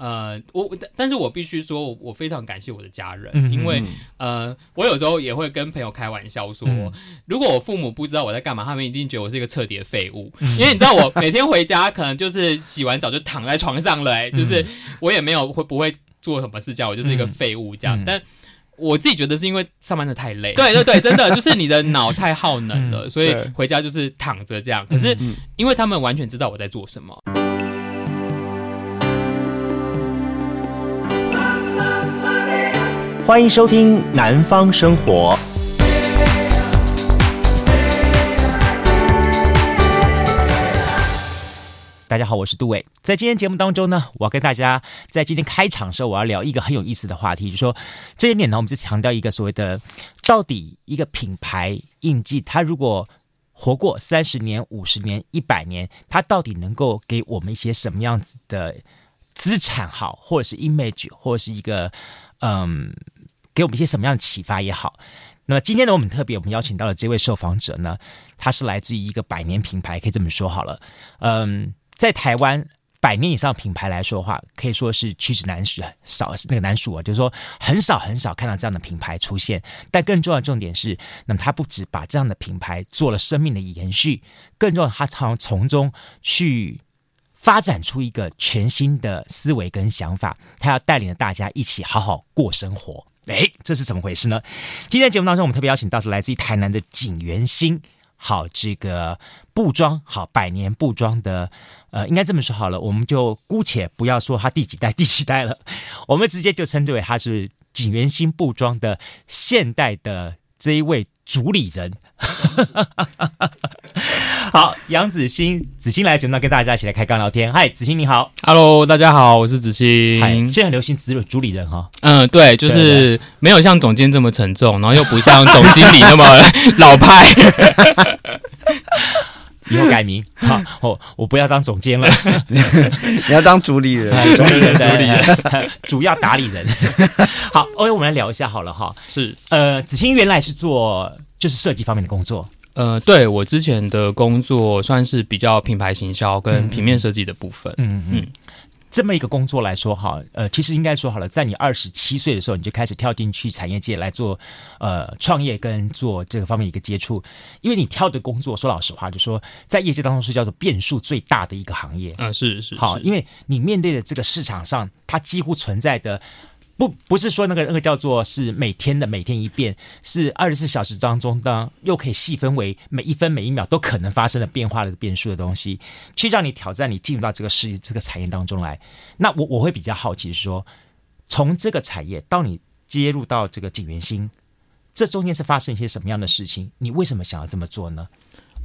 呃，我但是，我必須說，我非常感謝我的家人，嗯、因為呃，我有時候也會跟朋友開玩笑說、嗯，如果我父母不知道我在幹嘛，他們一定覺得我是一個徹底的廢物、嗯，因為你知道，我每天回家可能就是洗完澡就躺在床上了、欸嗯，就是我也沒有會不會做什麼事情，我就是一個廢物這樣、嗯。但我自己覺得是因為上班得太累、嗯，對對對，真的就是你的腦太耗能了、嗯，所以回家就是躺着這樣。可是因為他們完全知道我在做什麼。嗯歡迎收聽《南方聲活》。大家好，我是杜偉。在今天節目當中呢，我要跟大家在今天開場的時候，我要聊一個很有意思的話題，就是、說這一點呢，我們就強調一個所謂的，到底一個品牌印記，它如果活過三十年、五十年、一百年，它到底能夠給我們一些什麼樣子的資產？好，或者是 image，或者是一個嗯。呃給我們一些什麼樣的啟發也好？那麼今天呢，我們特別我們邀請到了這位受訪者呢，他是來自於一個百年品牌，可以這麼說好了。嗯，在台灣百年以上品牌來說的話，可以說是屈指難數啊，少那個難數啊，就是說很少很少看到這樣的品牌出現。但更重要的重點是，那麼他不只把這樣的品牌做了生命的延續，更重要的，他常常從中去發展出一個全新的思維跟想法，他要帶領着大家一起好好過生活。哎，這是怎麼回事呢？今天節目當中，我們特別邀請到是來自於台南的錦源興。好，這個布莊，好，百年布莊的，呃，應該這麼說好了，我們就姑且不要說他第幾代、第幾代了，我們直接就稱之為他是錦源興布莊的現代的這一位主理人。 好，楊子興，子興來節目跟大家一起來開槓聊天。嗨，子興你好，Hello，大家好，我是子興。Hi, 現在很流行，只主理人哈、哦。嗯，對，就是對了對了，沒有像總監這麼沉重，然後又不像總經理那麼老派。 以後改名好，我，哦，我不要當總監了， 你要當主理人， 主理人，主理人，主要打理人。好，OK，我們來聊一下好了哈。是，呃，子興原來是做就是設計方面的工作。呃，對，我之前的工作算是比較品牌行銷跟平面設計的部分。嗯嗯，嗯，嗯，這麼一個工作來說哈，呃，其實應該說好了，在你二十七歲的時候，你就開始跳進去產業界來做呃創業跟做這個方面一個接觸。因為你跳的工作說老實話就，就說在業界當中是叫做變數最大的一個行業。啊，是是，是，好，因為你面對的這個市場上，它幾乎存在的。不，不是說那個那個叫做是每天的每天一變，是二十四小時當中的又可以細分為每一分每一秒都可能發生的變化的變數的東西，去讓你挑戰，你進入到這個事業這個產業當中來。那我我會比較好奇說，從這個產業到你接入到這個錦源興，這中間是發生一些什麼樣的事情？你為什麼想要這麼做呢？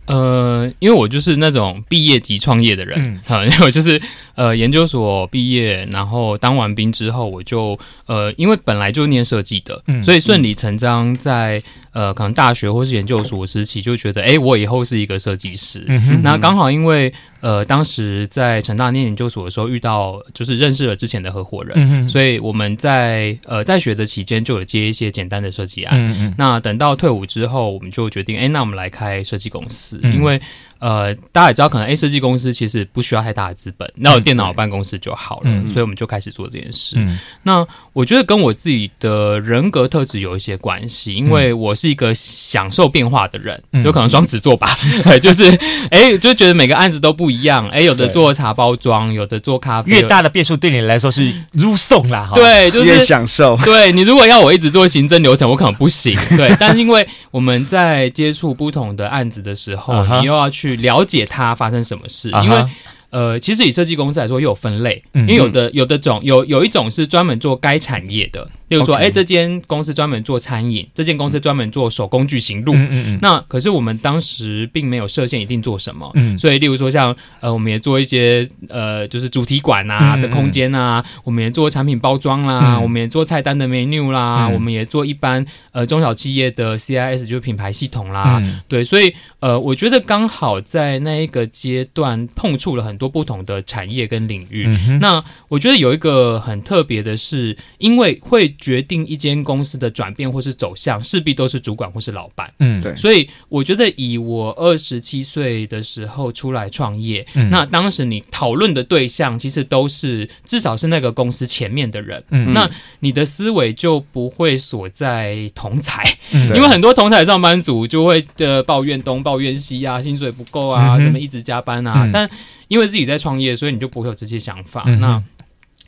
呃，因為我就是那種畢業即創業的人，好、嗯，因為我就是。呃，研究所畢業，然後當完兵之後，我就呃，因為本來就念設計的，嗯、所以順理成章在、嗯、呃，可能大學或是研究所時期就覺得，哎，我以後是一個設計師。嗯嗯，那剛好因為呃，當時在成大念研究所的時候遇到，就是認識了之前的合夥人，嗯嗯，所以我們在呃，在學的期間就有接一些簡單的設計案。嗯嗯，那等到退伍之後，我們就決定，哎，那我們來開設計公司，嗯、因為。呃，大家也知道，可能 A 設計公司其實不需要太大的資本，那我電腦辦公室就好了，嗯，所以我們就開始做這件事。嗯，那我覺得跟我自己的人格特質有一些關係，因為我是一個享受變化的人，有可能雙子座吧，嗯，對就是哎、 欸，就覺得每個案子都不一樣，哎，欸，有的做茶包裝，有的做咖啡，越大的變數對你來說是如送啦，對，就是越享受。對，你如果要我一直做行政流程，我可能不行。對， 對但是因為我們在接觸不同的案子的時候，uh-huh. 你又要去。去了解它發生什麼事，啊，因為，呃，其實以設計公司來說，又有分類，嗯，因為有的有的種有有一種是專門做該產業的。例如說，哎、okay.，這間公司專門做餐飲，這間公司專門做手工具型錄。嗯嗯那可是我們當時並沒有設限，一定做什麼。嗯。所以，例如說像，像呃，我們也做一些呃，就是主題館啊的空間啊，嗯嗯、我們也做產品包裝啦、啊嗯，我們也做菜單的 menu 啦，嗯、我們也做一般呃中小企業的 CIS 就是品牌系統啦。嗯、對，所以呃，我覺得剛好在那一個階段碰觸了很多不同的產業跟領域。嗯,嗯那我覺得有一個很特別的是，因為會。決定一間公司的轉變或是走向，勢必都是主管或是老闆。嗯，對。所以我覺得，以我二十七歲的時候出來創業、嗯，那當時你討論的對象，其實都是至少是那個公司前面的人。嗯，那你的思維就不會鎖在同儕、嗯，因為很多同儕上班族就會就抱怨東抱怨西啊，薪水不夠啊，什、嗯、麼一直加班啊、嗯。但因為自己在創業，所以你就不會有這些想法。嗯、那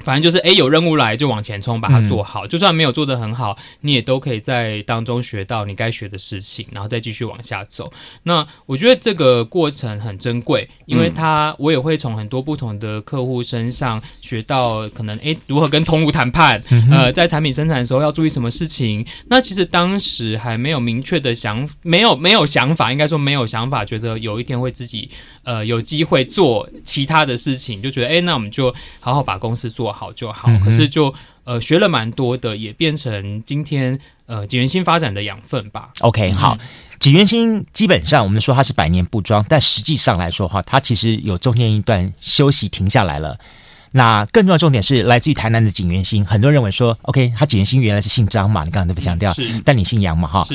反正就是誒、欸，有任務來就往前衝，把它做好、嗯。就算沒有做得很好，你也都可以在當中學到你該學的事情，然後再繼續往下走。那我覺得這個過程很珍貴，因為他、嗯、我也會從很多不同的客戶身上學到可能誒、欸，如何跟通路談判、嗯，呃，在產品生產的時候要注意什麼事情。那其實當時還沒有明確的想，沒有沒有想法，應該說沒有想法，覺得有一天會自己呃有機會做其他的事情，就覺得誒、欸，那我們就好好把公司做好。好就好，嗯、可是就呃學了蠻多的，也變成今天呃錦源興發展的養分吧。OK，好，嗯、錦源興基本上我們說它是百年布莊、嗯，但實際上來說哈，它其實有中間一段休息停下來了。那更重要的重點是來自於台南的錦源興，很多人認為說 OK，他錦源興原來是姓張嘛，你剛才都不強調、嗯，但你姓楊嘛哈。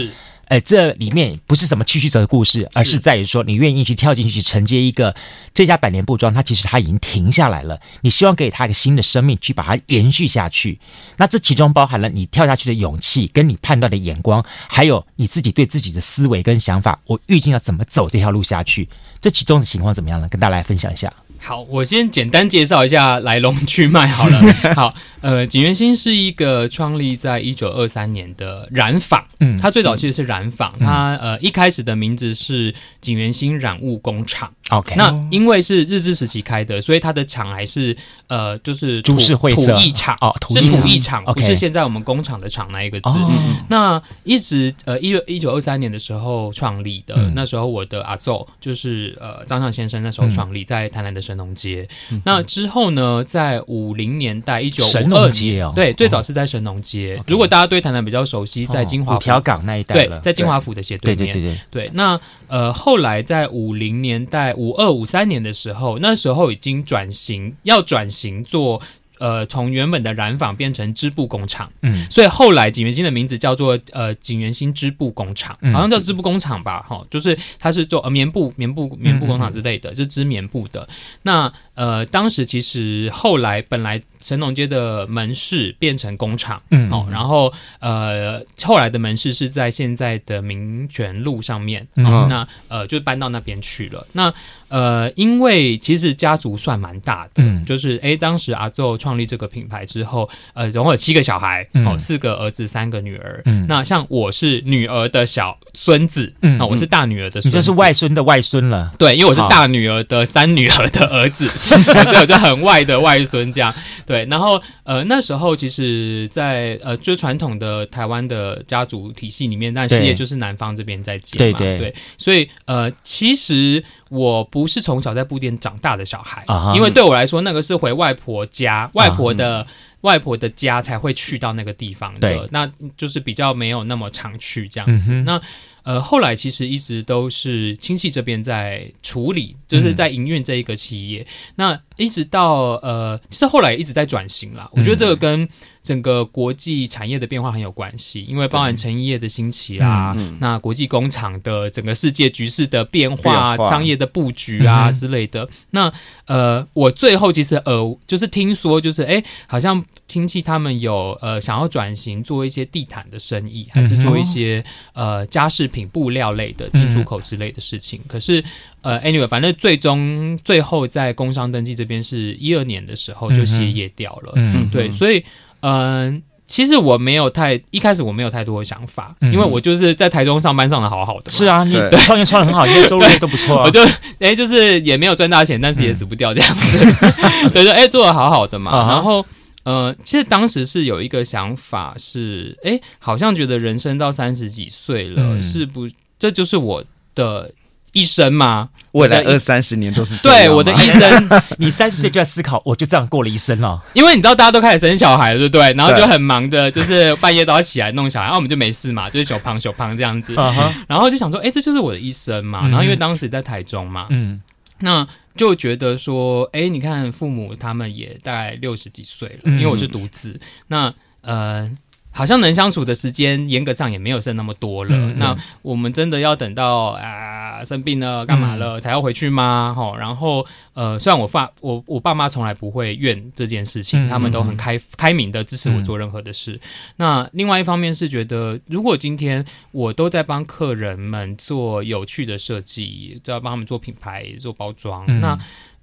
哎、呃，這裡面不是什麼曲曲折的故事，而是在於說你願意去跳進去去承接一個這家百年布莊，它其實它已經停下來了。你希望給它一個新的生命，去把它延續下去。那這其中包含了你跳下去的勇氣，跟你判斷的眼光，還有你自己對自己的思維跟想法。我預計要怎麼走這條路下去？這其中的情況怎麼樣呢？跟大家來分享一下。好，我先簡單介紹一下來龍去脈好了。 好，呃，錦源興是一個創立在一九二三年的染坊，嗯，它最早其實是染坊，嗯、它呃一開始的名字是錦源興染物工廠。OK，那因為是日治時期開的，所以它的廠還是呃就是土土一廠哦土，是土一廠，okay. 不是現在我們工廠的廠那一個字、哦。那一直呃一九一九二三年的時候創立的、嗯，那時候我的阿祖就是呃張尚先生那時候創立在台南的時候。神農街，那之後呢，在五零年代，一九五二年。對，最早是在神農街，哦。如果大家對台南比較熟悉，哦，在金華、五條港那一帶，對，在金華府的斜對面。對對對對對。那呃，後來在五零年代五二五三年的時候，那時候已經轉型，要轉型做。呃，從原本的染坊變成織布工廠，嗯，所以後來錦源興的名字叫做呃錦源興織布工廠，嗯，好像叫織布工廠吧，哈、嗯，就是它是做呃，棉布、棉布、棉布工廠之類的，是、嗯嗯嗯、織棉布的那。呃，當時其實後來本來神農街的門市變成工廠，嗯，好、哦，然後呃後來的門市是在現在的民權路上面，嗯、哦哦，那呃就搬到那邊去了。那呃因為其實家族算蠻大的，嗯，就是哎當時阿祖創立這個品牌之後，呃總共有七個小孩，哦、嗯、四個兒子三個女兒，嗯，那像我是女兒的小孫子，嗯，哦、我是大女兒的孫子、嗯，你就是外孫的外孫了，對，因為我是大女兒的三女兒的兒子。哦 還有這很外的外孫家，對，然後呃那時候其實在，在呃就傳統的台灣的家族體系裡面，但事業就是男方這邊在接嘛，對對，對，對，所以呃其實我不是從小在布店長大的小孩，uh -huh. 因為對我來說那個是回外婆家，外婆的、uh -huh. 外婆的外婆的家才會去到那個地方的，uh -huh. 那就是比較沒有那麼常去這樣子，uh -huh. 那。呃，後來其實一直都是親戚這邊在處理，就是在營運這一個企業，嗯，那一直到呃，其實後來一直在轉型啦，嗯，我覺得這個跟。整個國際產業的變化很有關係，因為包含成衣業的興起啊，啊，那國際工廠的整個世界局勢的變化、變化商業的布局啊、嗯、之類的。那呃，我最後其實呃，就是聽說就是哎、欸，好像親戚他們有呃想要轉型做一些地毯的生意，還是做一些、嗯、呃家飾品布料類的進出口之類的事情。嗯、可是呃，anyway，反正最終最後在工商登記這邊是一二年的時候就歇業掉了嗯。嗯，對，所以。嗯，其實我沒有太一開始我沒有太多的想法、嗯，因為我就是在台中上班上的好好的，是啊，對你創業創的很好， 因為收入都不錯、啊，我就哎、欸，就是也沒有賺大錢，但是也死不掉這樣子，嗯、 對，對，對，對、欸、哎，做的好好的嘛、啊，然後，呃，其實當時是有一個想法是，是、欸、哎，好像覺得人生到三十幾歲了、嗯，是不，這就是我的。一生嘛，未來二三十年都是這樣對我的一生。 你三十歲就在思考，我就這樣過了一生了。因為你知道大家都開始生小孩了，對不對？然後就很忙的，就是半夜都要起來弄小孩。然後、啊、我們就沒事嘛，就是小胖小胖這樣子、uh -huh。然後就想說，哎、欸，這就是我的一生嘛。然後因為當時在台中嘛，嗯，那就覺得說，哎、欸，你看父母他們也大概六十幾歲了、嗯，因為我是獨子，那呃。好像能相處的時間，嚴格上也沒有剩那麼多了。嗯嗯，那我們真的要等到啊生病了、幹嘛了、嗯、才要回去嗎？吼，然後呃，雖然我爸、我我爸媽從來不會怨這件事情，嗯嗯嗯，他們都很開開明的支持我做任何的事。嗯、那另外一方面是覺得，如果今天我都在幫客人們做有趣的設計，就要幫他們做品牌、做包裝、嗯，那。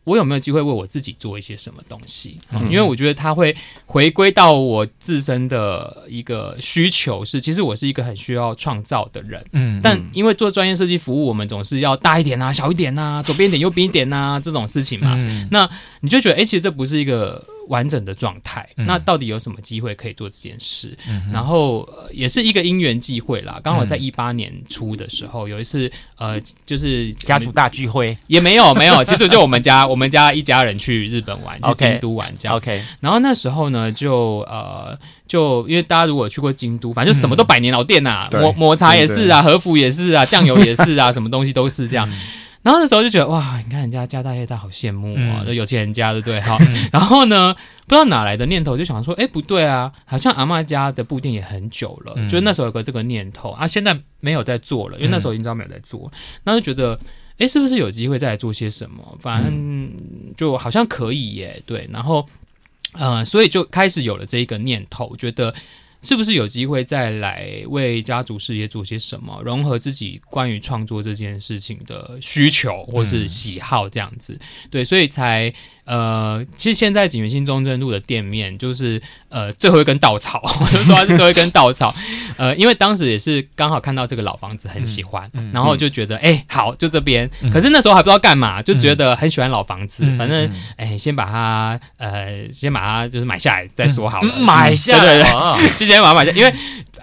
我有沒有機會為我自己做一些什麼東西？因為我覺得它會回歸到我自身的一個需求是，是其實我是一個很需要創造的人。嗯，但因為做專業設計服務，我們總是要大一點吶、啊，小一點吶、啊，左邊一點，右邊一點吶、啊，這種事情嘛。那你就覺得，誒、欸，其實這不是一個。完整的狀態，那到底有什麼機會可以做這件事？嗯、然後、呃、也是一個因緣際會啦，剛好在一八年初的時候，嗯、有一次呃，就是家族大聚會、嗯，也沒有沒有，其實就我們家 我們家一家人去日本玩，去京都玩這樣。Okay. Okay. 然後那時候呢，就呃，就因為大家如果去過京都，反正就什麼都百年老店吶、啊，抹抹茶也是啊對對對，和服也是啊，醬油也是啊， 什麼東西都是這樣。嗯然後那時候就覺得哇，你看人家家大業大，好羨慕啊，嗯、就有錢人家，對不對？哈， 然後呢，不知道哪來的念頭，就想說，哎，不對啊，好像阿嬤家的布店也很久了、嗯，就那時候有個這個念頭啊，現在沒有在做了，因為那時候已經沒有在做、嗯，那就覺得，哎，是不是有機會再來做些什麼？反正就好像可以耶，對，然後，嗯、呃，所以就開始有了這個念頭，覺得。是不是有機會再來為家族事業做些什麼，融合自己關於創作這件事情的需求或是喜好這樣子？嗯、對，所以才。呃，其實現在錦源興中正路的店面就是呃最後一根稻草，我 就說它是最後一根稻草。呃，因為當時也是剛好看到這個老房子很喜歡，嗯、然後就覺得哎、嗯欸、好就這邊、嗯，可是那時候還不知道幹嘛，就覺得很喜歡老房子，嗯、反正哎、欸、先把它呃先把它就是買下來再說好了，嗯嗯、買下來。嗯、對,對,對哦哦就先把它買下，因為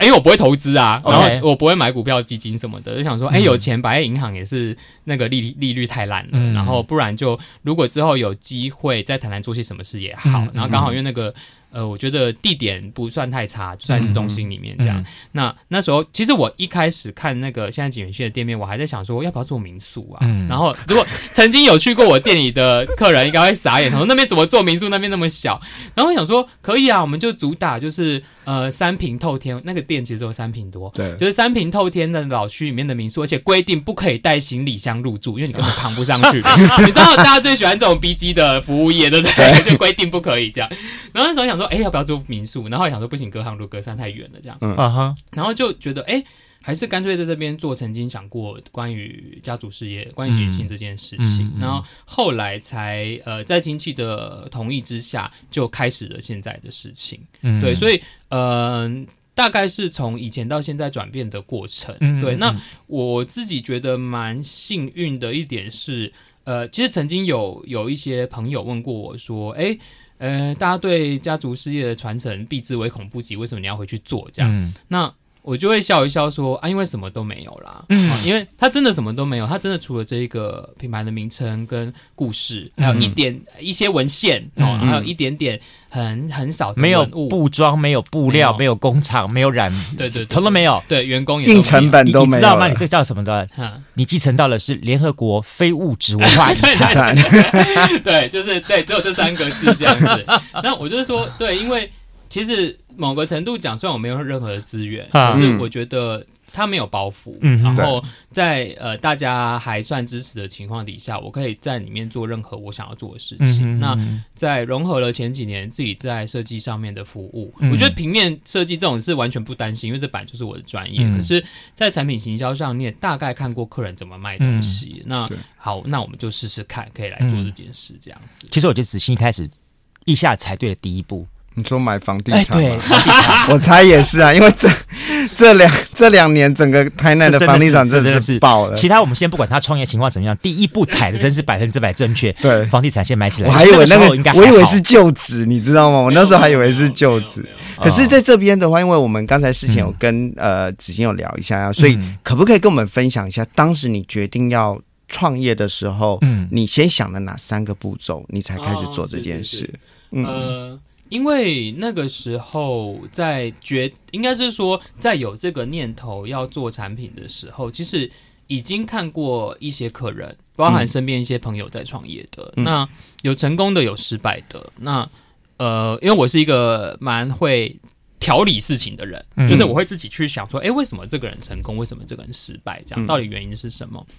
因為、欸、我不會投資啊，然後、okay、我不會買股票基金什麼的，就想說哎、欸、有錢擺在銀行也是那個利利率太爛了，嗯、然後不然就如果之後有機。會再談談做些什麼事也好，嗯嗯嗯，然後剛好因為那個。呃，我覺得地點不算太差，就在市中心裡面這樣。嗯嗯、那那時候，其實我一開始看那個現在錦源興的店面，我還在想說要不要做民宿啊、嗯。然後，如果曾經有去過我店裡的客人，應該會傻眼，說那邊怎麼做民宿？那邊那麼小。然後我想說，可以啊，我們就主打就是呃三坪透天那個店，其實只有三坪多，對，就是三坪透天的老區裡面的民宿，而且規定不可以帶行李箱入住，因為你根本扛不上去。 欸、 你知道大家最喜歡這種 B 機的服務業，對 不對？就規定不可以這樣。然後那時候想。說哎、欸，要不要做民宿？然後也想說不行，隔行如隔山，太遠了這樣。嗯然後就覺得哎、欸，還是乾脆在這邊做。曾經想過關於家族事業、關於女性這件事情、嗯嗯嗯。然後後來才呃，在親戚的同意之下，就開始了現在的事情。嗯，對。所以嗯、呃，大概是從以前到現在轉變的過程。嗯、對、嗯。那我自己覺得蠻幸運的一點是，呃，其實曾經有有一些朋友問過我說，哎、欸。呃，大家對家族事業的傳承避之唯恐不及，為什麼你要回去做這樣？嗯，那。我就會笑一笑說，說啊，因為什麼都沒有啦，嗯，因為他真的什麼都沒有，他真的除了這一個品牌的名稱跟故事，還有一點、嗯、一些文獻，哦嗯嗯，還有一點點很很少的文，沒有布莊，沒有布料，沒有工廠，沒有染，對對，對，對，什了沒有，對，員工也都沒有，硬成本都沒有你，你知道嗎？你這叫什麼的？啊、你繼承到了是聯合國非物質文化遺產， 對，對，對，對， 對，就是對，只有這三個字這樣子。 那我就是說，對，因為。其實某個程度講，雖然我沒有任何的資源、嗯，可是我覺得它沒有包袱。嗯、然後在呃大家還算支持的情況底下，我可以在裡面做任何我想要做的事情。嗯哼嗯哼，那在融合了前幾年自己在設計上面的服務，嗯、我覺得平面設計這種事完全不擔心，因為這本就是我的專業、嗯。可是，在產品行銷上，你也大概看過客人怎麼賣東西。嗯、那好，那我們就試試看，可以來做這件事這樣子。嗯、其實我就仔細一開始一下才對的第一步。你說買房地產嗎、欸？對， 我猜也是啊，因為這這兩這兩年，整個台南的房地產真的是，真的是，真的是爆了。其他我們先不管他創業情況怎麼樣，第一步踩的真是百分之百正確。對，房地產先買起來。我還以為那、就是、那個，我以為是舊址，你知道嗎？我那時候還以為是舊址。可是在這邊的話，因為我們剛才事情有跟、嗯、呃子興有聊一下啊，所以可不可以跟我們分享一下，當時你決定要創業的時候，嗯，你先想了哪三個步驟，你才開始做這件事？哦、嗯。呃因為那個時候在，在覺應該是說，在有這個念頭要做產品的時候，其實已經看過一些客人，包含身邊一些朋友在創業的。嗯、那有成功的，有失敗的。那呃，因為我是一個蠻會調理事情的人，嗯、就是我會自己去想說，哎，為什麼這個人成功，為什麼這個人失敗？這樣到底原因是什麼？嗯、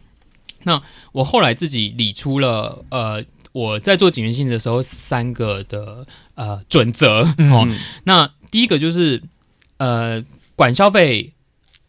那我後來自己理出了呃。我在做錦源興的時候，三個的呃準則哦。嗯、那第一個就是呃，管銷費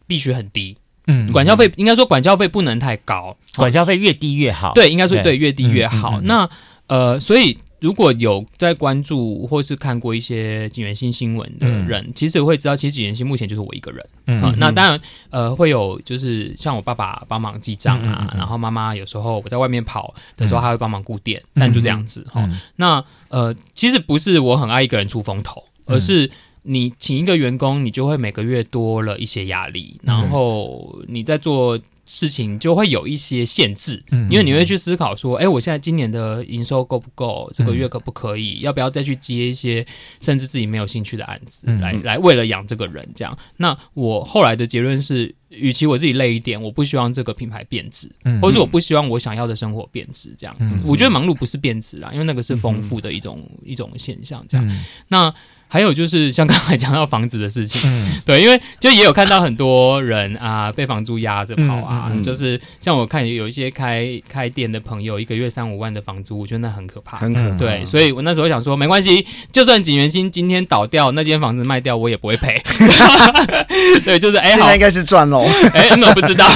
必須很低，嗯，嗯，管銷費應該說管銷費不能太高，管銷費越低越好。哦、對，應該說對，對，越低越好。嗯嗯嗯嗯那呃，所以。如果有在關注或是看過一些錦源興新聞的人，嗯、其實我會知道，其實錦源興目前就是我一個人。嗯、哦，那當然，呃，會有就是像我爸爸幫忙記賬啊、嗯，然後媽媽有時候我在外面跑的時候，他會幫忙顧店、嗯，但就這樣子哈、哦嗯。那呃，其實不是我很愛一個人出風頭、嗯，而是你請一個員工，你就會每個月多了一些壓力，然後你在做。事情就會有一些限制，因為你會去思考說，哎、欸，我現在今年的營收夠不夠？這個月可不可以、嗯？要不要再去接一些甚至自己沒有興趣的案子？來來，為了養這個人這樣。那我後來的結論是，與其我自己累一點，我不希望這個品牌變質，或是我不希望我想要的生活變質。這樣子，我覺得忙碌不是變質啦，因為那個是豐富的一種一種現象。這樣，那。還有就是像剛才講到房子的事情，嗯，對，因為就也有看到很多人啊，被房租壓着跑啊，嗯嗯，就是像我看有一些開開店的朋友，一個月三五萬的房租，我覺得那很可怕。很可怕，嗯，對，嗯，所以我那時候想說，沒關係，就算錦源興今天倒掉，那間房子賣掉，我也不會賠。 所以就是哎，欸，好，現在應該是賺嘍。哎、 欸，那我不知道。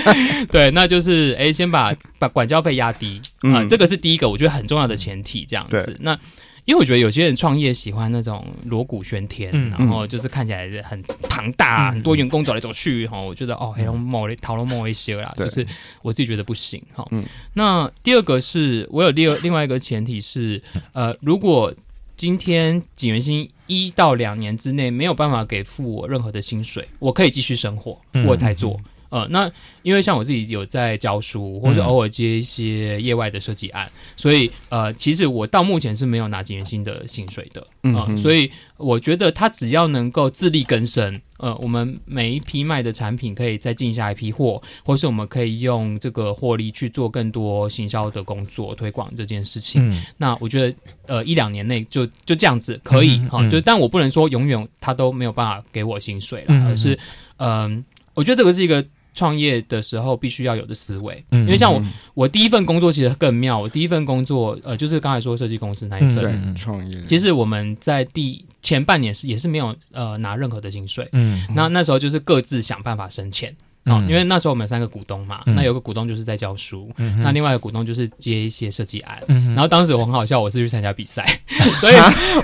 對，那就是哎，欸，先把把管教費壓低，嗯，啊，這個是第一個，我覺得很重要的前提，這樣子。那因為我覺得有些人創業喜歡那種鑼鼓喧天、嗯嗯，然後就是看起來是很龐大、嗯，很多員工走來走去哈、嗯喔。我覺得哦，還用某討論某一些啦，就是我自己覺得不行哈、喔嗯。那第二個是，我有第二另外一個前提是，呃，如果今天錦源興一到兩年之內沒有辦法給付我任何的薪水，我可以繼續生活，我才做。嗯嗯呃，那因為像我自己有在教書，或者偶爾接一些業外的設計案、嗯，所以呃，其實我到目前是沒有拿錦源興的薪水的、呃、嗯，所以我覺得他只要能夠自力更生，呃，我們每一批賣的產品可以再進下一批貨，或是我們可以用這個獲利去做更多行銷的工作，推廣這件事情。嗯、那我覺得呃，一兩年內就就這樣子可以、嗯、哈，就但我不能說永遠他都沒有辦法給我薪水了、嗯，而是嗯、呃，我覺得這個是一個。創業的時候必須要有的思維，因為像我，我第一份工作其實更妙。我第一份工作，呃，就是剛才說設計公司那一份，嗯，創業。其實我們在第前半年也是也是沒有呃拿任何的薪水，嗯，那那時候就是各自想辦法生錢。嗯、因為那時候我們三個股東嘛，嗯、那有個股東就是在教書，嗯、那另外一個股東就是接一些設計案、嗯。然後當時我很好笑，我是去參加比賽，嗯、 所以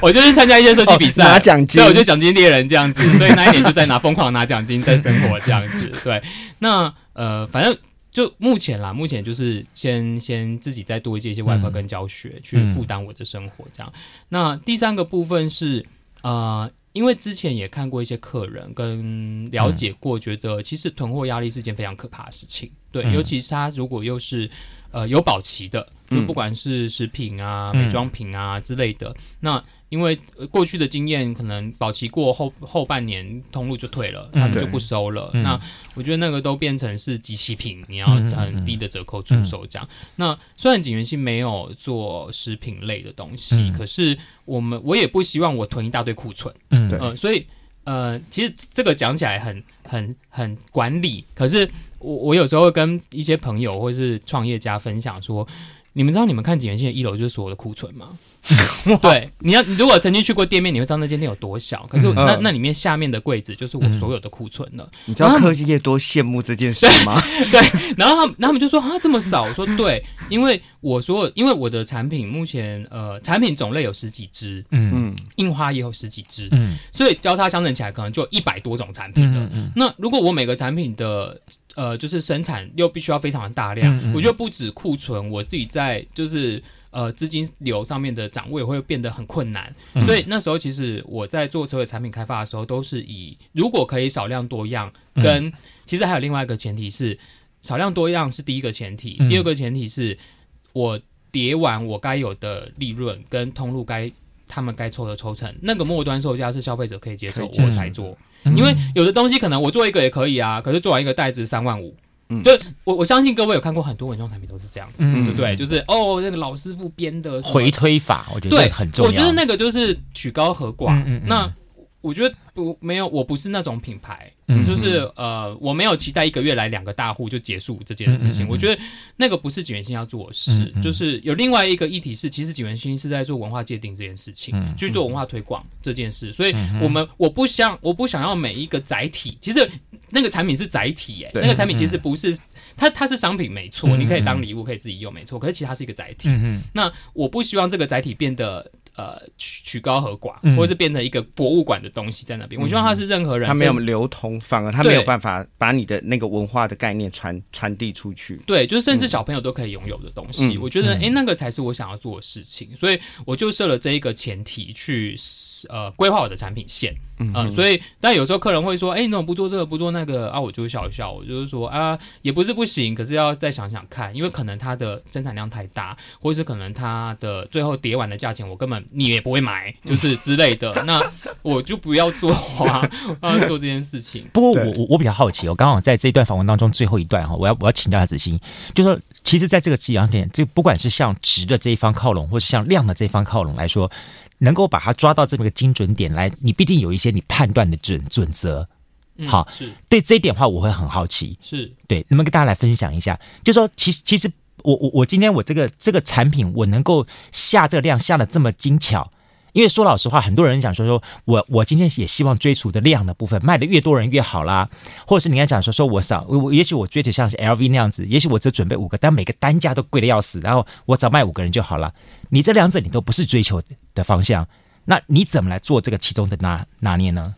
我就去參加一些設計比賽，所 以、哦、拿獎金、對、我就獎金獵人這樣子。所以那一年就在拿瘋狂拿獎金 在生活這樣子。對，那呃，反正就目前啦，目前就是先先自己再多接一些外快跟教學、嗯、去負擔我的生活這樣、嗯。那第三個部分是啊。呃因為之前也看過一些客人跟了解過、嗯，覺得其實囤貨壓力是件非常可怕的事情，對，嗯、尤其是他如果又是呃有保期的，嗯、就是、不管是食品啊、美妝品啊、嗯、之類的，那。因為過去的經驗，可能保期過後後半年通路就退了，他們就不收了。嗯嗯、那我覺得那個都變成是即期品，你要很低的折扣出售這樣、嗯嗯嗯。那雖然錦源興沒有做食品類的東西，嗯、可是我們我也不希望我囤一大堆庫存。嗯，對，呃、所以呃，其實這個講起來很很很管理。可是我我有時候會跟一些朋友或是創業家分享說，你們知道你們看錦源興的一樓就是所有的庫存嗎？ 對，你要你如果曾經去過店面，你會知道那間店有多小。可是那、嗯嗯、那，那裡面下面的櫃子就是我所有的庫存了。你知道科技業多羨慕這件事嗎？對，對，然後他們，們他們就說啊，這麼少。我說對，因為我說，因為我的產品目前呃，產品種類有十幾支，嗯嗯，印花也有十幾支，嗯，所以交叉相乘起來可能就一百多種產品的、嗯嗯。那如果我每個產品的呃，就是生產又必須要非常的大量，嗯嗯、我就不止庫存，我自己在就是。呃，資金流上面的掌握也會變得很困難，嗯，所以那時候其實我在做所有產品開發的時候，都是以如果可以少量多樣，嗯，跟其實還有另外一個前提是，少量多樣是第一個前提，嗯，第二個前提是我疊完我該有的利潤跟通路該他們該抽的抽成，那個末端售價是消費者可以接受以，我才做，嗯，因為有的東西可能我做一個也可以啊，可是做完一個袋子三萬五。對、嗯，我我相信各位有看過很多文創產品都是這樣子，嗯、對不對？就是哦，那個老師傅編的回推法，我覺得對很重要。我覺得那個就是曲高和寡，嗯嗯嗯那。我覺得我沒有，我不是那種品牌，嗯、就是呃，我沒有期待一個月來兩個大戶就結束這件事情。嗯、我覺得那個不是錦源興要做的事，嗯，就是有另外一個議題是，其實錦源興是在做文化界定這件事情，嗯、去做文化推廣這件事，嗯。所以我們我不想，我不想要每一個載體。其實那個產品是載體，欸，哎，那個產品其實不是，嗯、它它是商品沒錯，嗯，你可以當禮物，可以自己用沒錯，可是其它是一個載體。嗯。那我不希望這個載體變得，呃，曲曲高和寡，或者是變成一個博物館的東西在那邊、嗯，我希望它是任何人，它沒有流通，反而它沒有辦法把你的那個文化的概念傳傳遞出去。對，就是甚至小朋友都可以擁有的東西，嗯、我覺得誒、欸，那個才是我想要做的事情，嗯、所以我就設了這一個前提去呃規劃我的產品線。嗯、呃，所以但有時候客人會說，哎、欸，你怎麼不做這個，不做那個啊？我就笑一笑，我就是說啊，也不是不行，可是要再想想看，因為可能它的生產量太大，或者是可能它的最後疊完的價錢，我根本你也不會買，就是之類的， 那我就不要做啊， 我要做這件事情。不過我我我比較好奇，我剛好在這一段訪問當中最後一段哈，我要我要請教下子興，就說，其實在這個夕陽點，就不管是向質的這一方靠攏，或是向量的這一方靠攏來說。能夠把它抓到這麼個精準點來，你必定有一些你判斷的準準則。嗯，好，是對這一點的話，我會很好奇。是對，能不能跟大家來分享一下？就是說，其實其實我我我今天我這個這個產品，我能夠下這量下得這麼精巧。因為說老實話，很多人講說說我我今天也希望追求的量的部分，賣的越多人越好啦，或者是你要講說說我少，我也許我追求像是 LV 那樣子，也許我只準備五個，但每個單價都貴的要死，然後我只要賣五個人就好了。你這兩者你都不是追求的方向，那你怎麼來做這個其中的拿拿捏呢？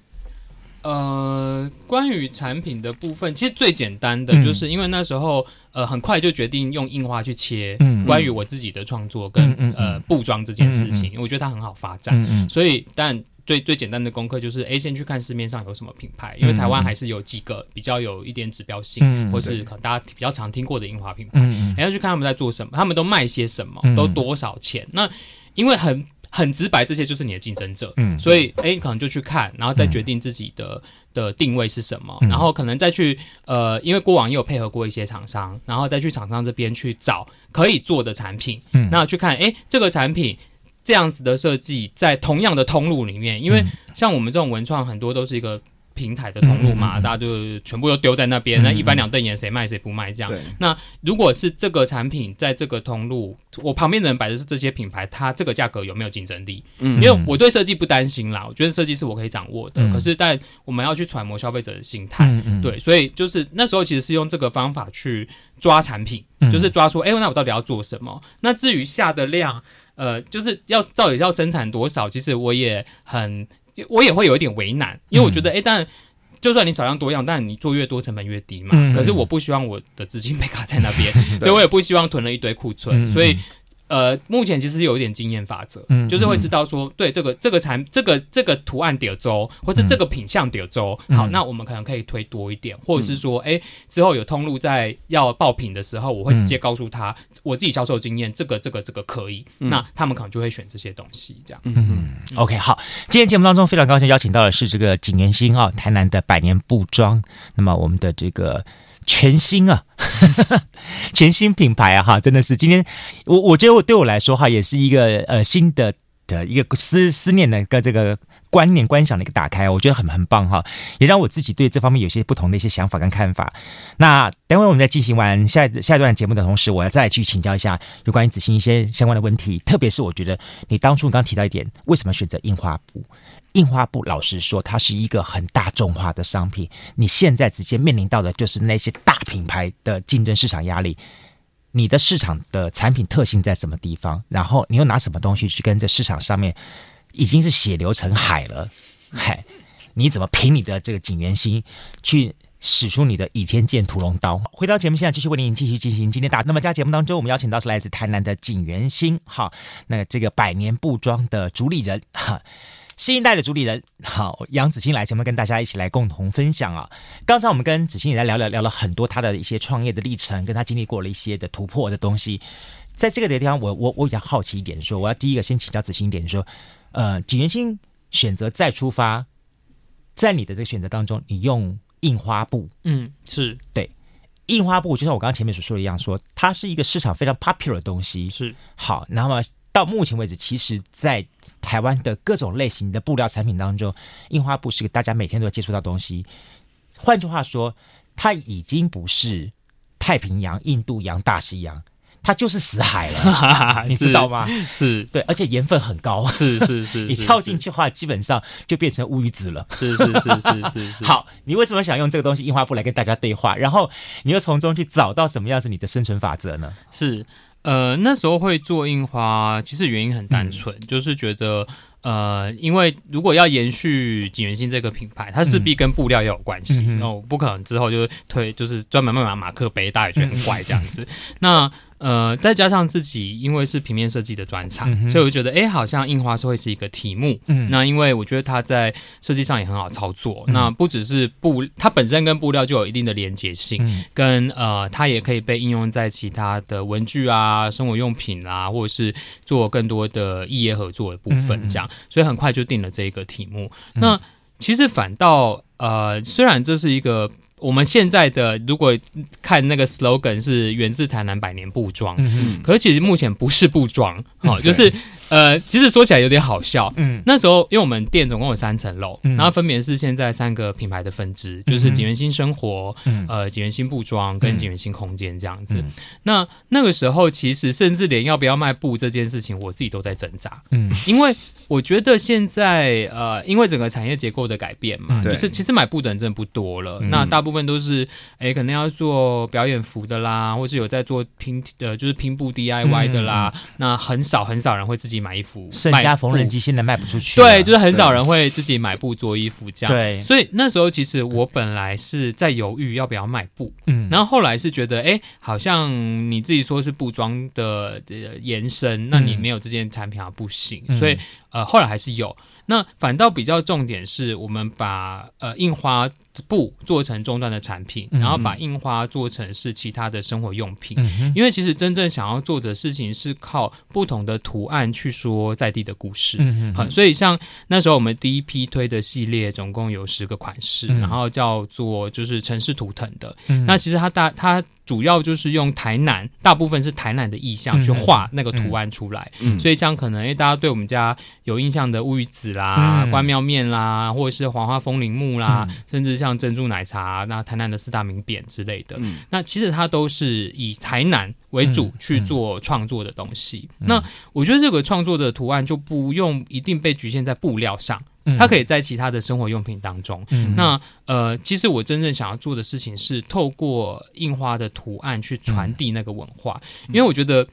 呃，關於產品的部分，其實最簡單的，就是因為那時候、嗯、呃很快就決定用印花去切。嗯、關於我自己的創作跟、嗯嗯、呃布莊這件事情、嗯嗯，我覺得它很好發展。嗯、所以，但最最簡單的功課就是，A 先去看市面上有什麼品牌，因為台灣還是有幾個、嗯、比較有一點指標性、嗯，或是可能大家比較常聽過的印花品牌。然、嗯、後、欸、去看他們在做什麼，他們都賣些什麼，都多少錢。嗯、那因為很。很直白，這些就是你的競爭者，嗯，所以、欸、你可能就去看，然後再決定自己的、嗯、的定位是什麼，然後可能再去呃，因為過往也有配合過一些廠商，然後再去廠商這邊去找可以做的產品，嗯，那去看誒、欸，這個產品這樣子的設計，在同樣的通路裡面，因為像我們這種文創，很多都是一個。平臺的通路嘛，嗯嗯嗯嗯，大家就全部都丟在那邊。嗯嗯，那一板兩瞪眼，誰賣誰不賣這樣。那如果是這個產品在這個通路，我旁邊的人擺的是這些品牌，它這個價格有沒有競爭力？嗯，嗯，因為我對設計不擔心啦，我覺得設計是我可以掌握的。嗯嗯，可是但我們要去揣摩消費者的心態，嗯嗯，對，所以就是那時候其實是用這個方法去抓產品，嗯嗯，就是抓說，哎、欸，那我到底要做什麼？那至於下的量，呃，就是要到底要生產多少？其實我也很。我也會有一點為難，因為我覺得，哎、嗯欸，但就算你少量多樣，但你做越多成本越低嘛。嗯嗯可是我不希望我的資金被卡在那邊， 對，我也不希望囤了一堆庫存，嗯嗯所以。呃，目前其實有一點經驗法則、嗯，就是會知道說，嗯、對這個這個產這個這個圖案點周，或是這個品相點周。好、嗯，那我們可能可以推多一點，或者是說，哎、嗯欸，之後有通路在要爆品的時候，我會直接告訴他、嗯、我自己銷售經驗，這個這個這個可以、嗯，那他們可能就會選這些東西這樣子。嗯，嗯，OK，好，今天節目當中非常高興邀請到的是這個錦源興啊，台南的百年布莊，那麼我們的這個。全新啊，全新品牌啊，哈，真的是今天我我覺得我對我來說哈，也是一個呃新的的一個思思念的一個這個觀念觀想的一個打開，我覺得很很棒哈，也讓我自己對這方面有些不同的一些想法跟看法。那等會我們再進行完下一下一段節目的同時，我要再去請教一下有關於子興一些相關的問題，特別是我覺得你當初你剛提到一點，為什麼選擇印花布？印花布，老實說，它是一個很大眾化的商品。你現在直接面臨到的就是那些大品牌的競爭市場壓力。你的市場的產品特性在什麼地方？然後你又拿什麼東西去跟這市場上面已經是血流成海了？嗨，你怎麼憑你的這個錦源興去使出你的倚天劍屠龍刀？回到節目現場，繼續為您繼續進行。今天打。那麼在節目當中，我們邀請到是來自台南的錦源興。哈，那個、這個百年布莊的主理人哈。新一代的主理人，好，楊子興來前面跟大家一起來共同分享啊。剛才我們跟子興也在聊聊聊了很多他的一些創業的歷程，跟他經歷過了一些的突破的東西。在這個的地方，我我我比較好奇一點說，說我要第一個先請教子興一點，說，呃，錦源興選擇再出發，在你的這個選擇當中，你用印花布，嗯，是對，印花布就像我剛剛前面所說的一樣說，說它是一個市場非常 popular 的東西，是好，那麼到目前為止，其實，在台灣的各種類型的布料產品當中，印花布是給大家每天都接觸到的東西。換句話說，它已經不是太平洋、印度洋、大西洋，它就是死海了，哈哈你知道嗎？是，是對，而且鹽分很高。是是是，是 你跳進去的話，基本上就變成烏魚子了。是是是是是。好，你為什麼想用這個東西印花布來跟大家對話？然後你又從中去找到什麼樣子你的生存法則呢？是。呃，那時候會做印花，其實原因很單純，嗯，就是覺得，呃，因為如果要延續錦源興這個品牌，它勢必跟布料也有關係，嗯，然後不可能之後就推就是專門賣馬馬克杯，大家也覺得很怪這樣子。嗯、那呃，再加上自己，因為是平面設計的專長，嗯、所以我覺得，哎，好像印花是會是一個題目。嗯，那因為我覺得它在設計上也很好操作。嗯、那不只是布，它本身跟布料就有一定的連接性，嗯、跟呃，它也可以被應用在其他的文具啊、生活用品啊，或者是做更多的異業合作的部分這樣、嗯。所以很快就定了這一個題目、嗯。那其實反倒呃，雖然這是一個。我們現在的如果看那個 slogan 是源自台南百年布莊，嗯，可是其實目前不是布莊，嗯，哦，就是。呃，其實說起來有點好笑。嗯，那時候因為我們店總共有三層樓，嗯、然後分別是現在三個品牌的分支，嗯、就是錦源興生活，嗯、呃，錦源興布莊跟錦源興空間這樣子。嗯、那那個時候，其實甚至連要不要賣布這件事情，我自己都在掙扎。嗯，因為我覺得現在呃，因為整個產業結構的改變嘛，嗯、就是其實買布的人真的不多了。嗯、那大部分都是哎，可能要做表演服的啦，或是有在做拼呃，就是拼布 DIY 的啦。嗯、那很少很少人會自己。買衣服，買家縫紉機，現在賣不出去。對，就是很少人會自己買布做衣服這樣。對，所以那時候其實我本來是在猶豫要不要賣布，嗯，然後後來是覺得，哎，好像你自己說是布莊的延伸，那你沒有這件產品而不行。所以呃，後來還是有。那反倒比較重點是我們把呃印花。布做成中端的產品，然後把印花做成是其他的生活用品、嗯，因為其實真正想要做的事情是靠不同的圖案去說在地的故事，嗯，嗯，所以像那時候我們第一批推的系列總共有十個款式，嗯、然後叫做就是城市圖騰的、嗯，那其實它大它主要就是用台南，大部分是台南的意象去畫那個圖案出來，嗯嗯、所以像可能、欸、大家對我們家有印象的烏魚子啦、嗯、關廟麵啦，或者是黃花風鈴木啦、嗯，甚至像。像珍珠奶茶、啊、那台南的四大名匾之類的、嗯，那其實它都是以台南為主去做創作的東西、嗯嗯。那我覺得這個創作的圖案就不用一定被局限在布料上，嗯、它可以在其他的生活用品當中。嗯、那呃，其實我真正想要做的事情是透過印花的圖案去傳遞那個文化，嗯、因為我覺得。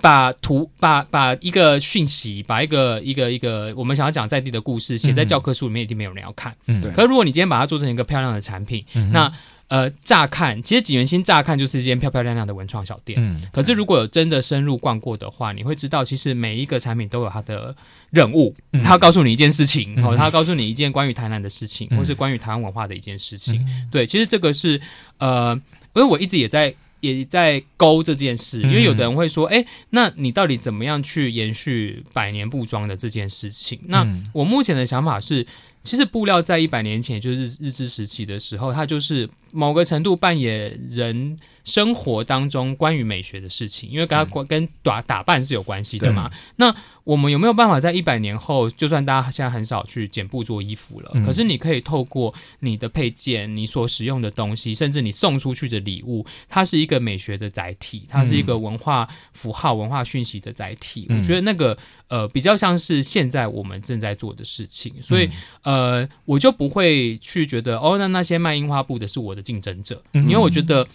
把圖把把一個訊息，把一個一個一個我們想要講在地的故事寫在教科書裡面，一定沒有人要看。嗯，嗯對。可是如果你今天把它做成一個漂亮的產品，嗯嗯，那呃，乍看其實錦源興乍看就是一間漂漂亮亮的文創小店嗯。嗯。可是如果有真的深入逛過的話，你會知道，其實每一個產品都有它的任務，它要告訴你一件事情，然後它要告訴你一件關於台南的事情，嗯、或是關於台灣文化的一件事情。嗯嗯、對，其實這個是呃，因為我一直也在。也在勾這件事，因為有的人會說：“哎、嗯，那你到底怎麼樣去延續百年布莊的這件事情？”那我目前的想法是，其實布料在一百年前，就是日日治時期的時候，它就是。某個程度扮演人生活當中關於美學的事情，因為跟、嗯、跟打打扮是有關係的嘛。那我們有沒有辦法在一百年後，就算大家現在很少去剪布做衣服了，嗯，可是你可以透過你的配件、你所使用的東西，甚至你送出去的禮物，它是一個美學的載體，它是一個文化符號、文化訊息的載體。嗯、我覺得那個呃比較像是現在我們正在做的事情，所以，嗯、呃我就不會去覺得哦，那那些賣印花布的是我的。競爭者、嗯，因為我覺得。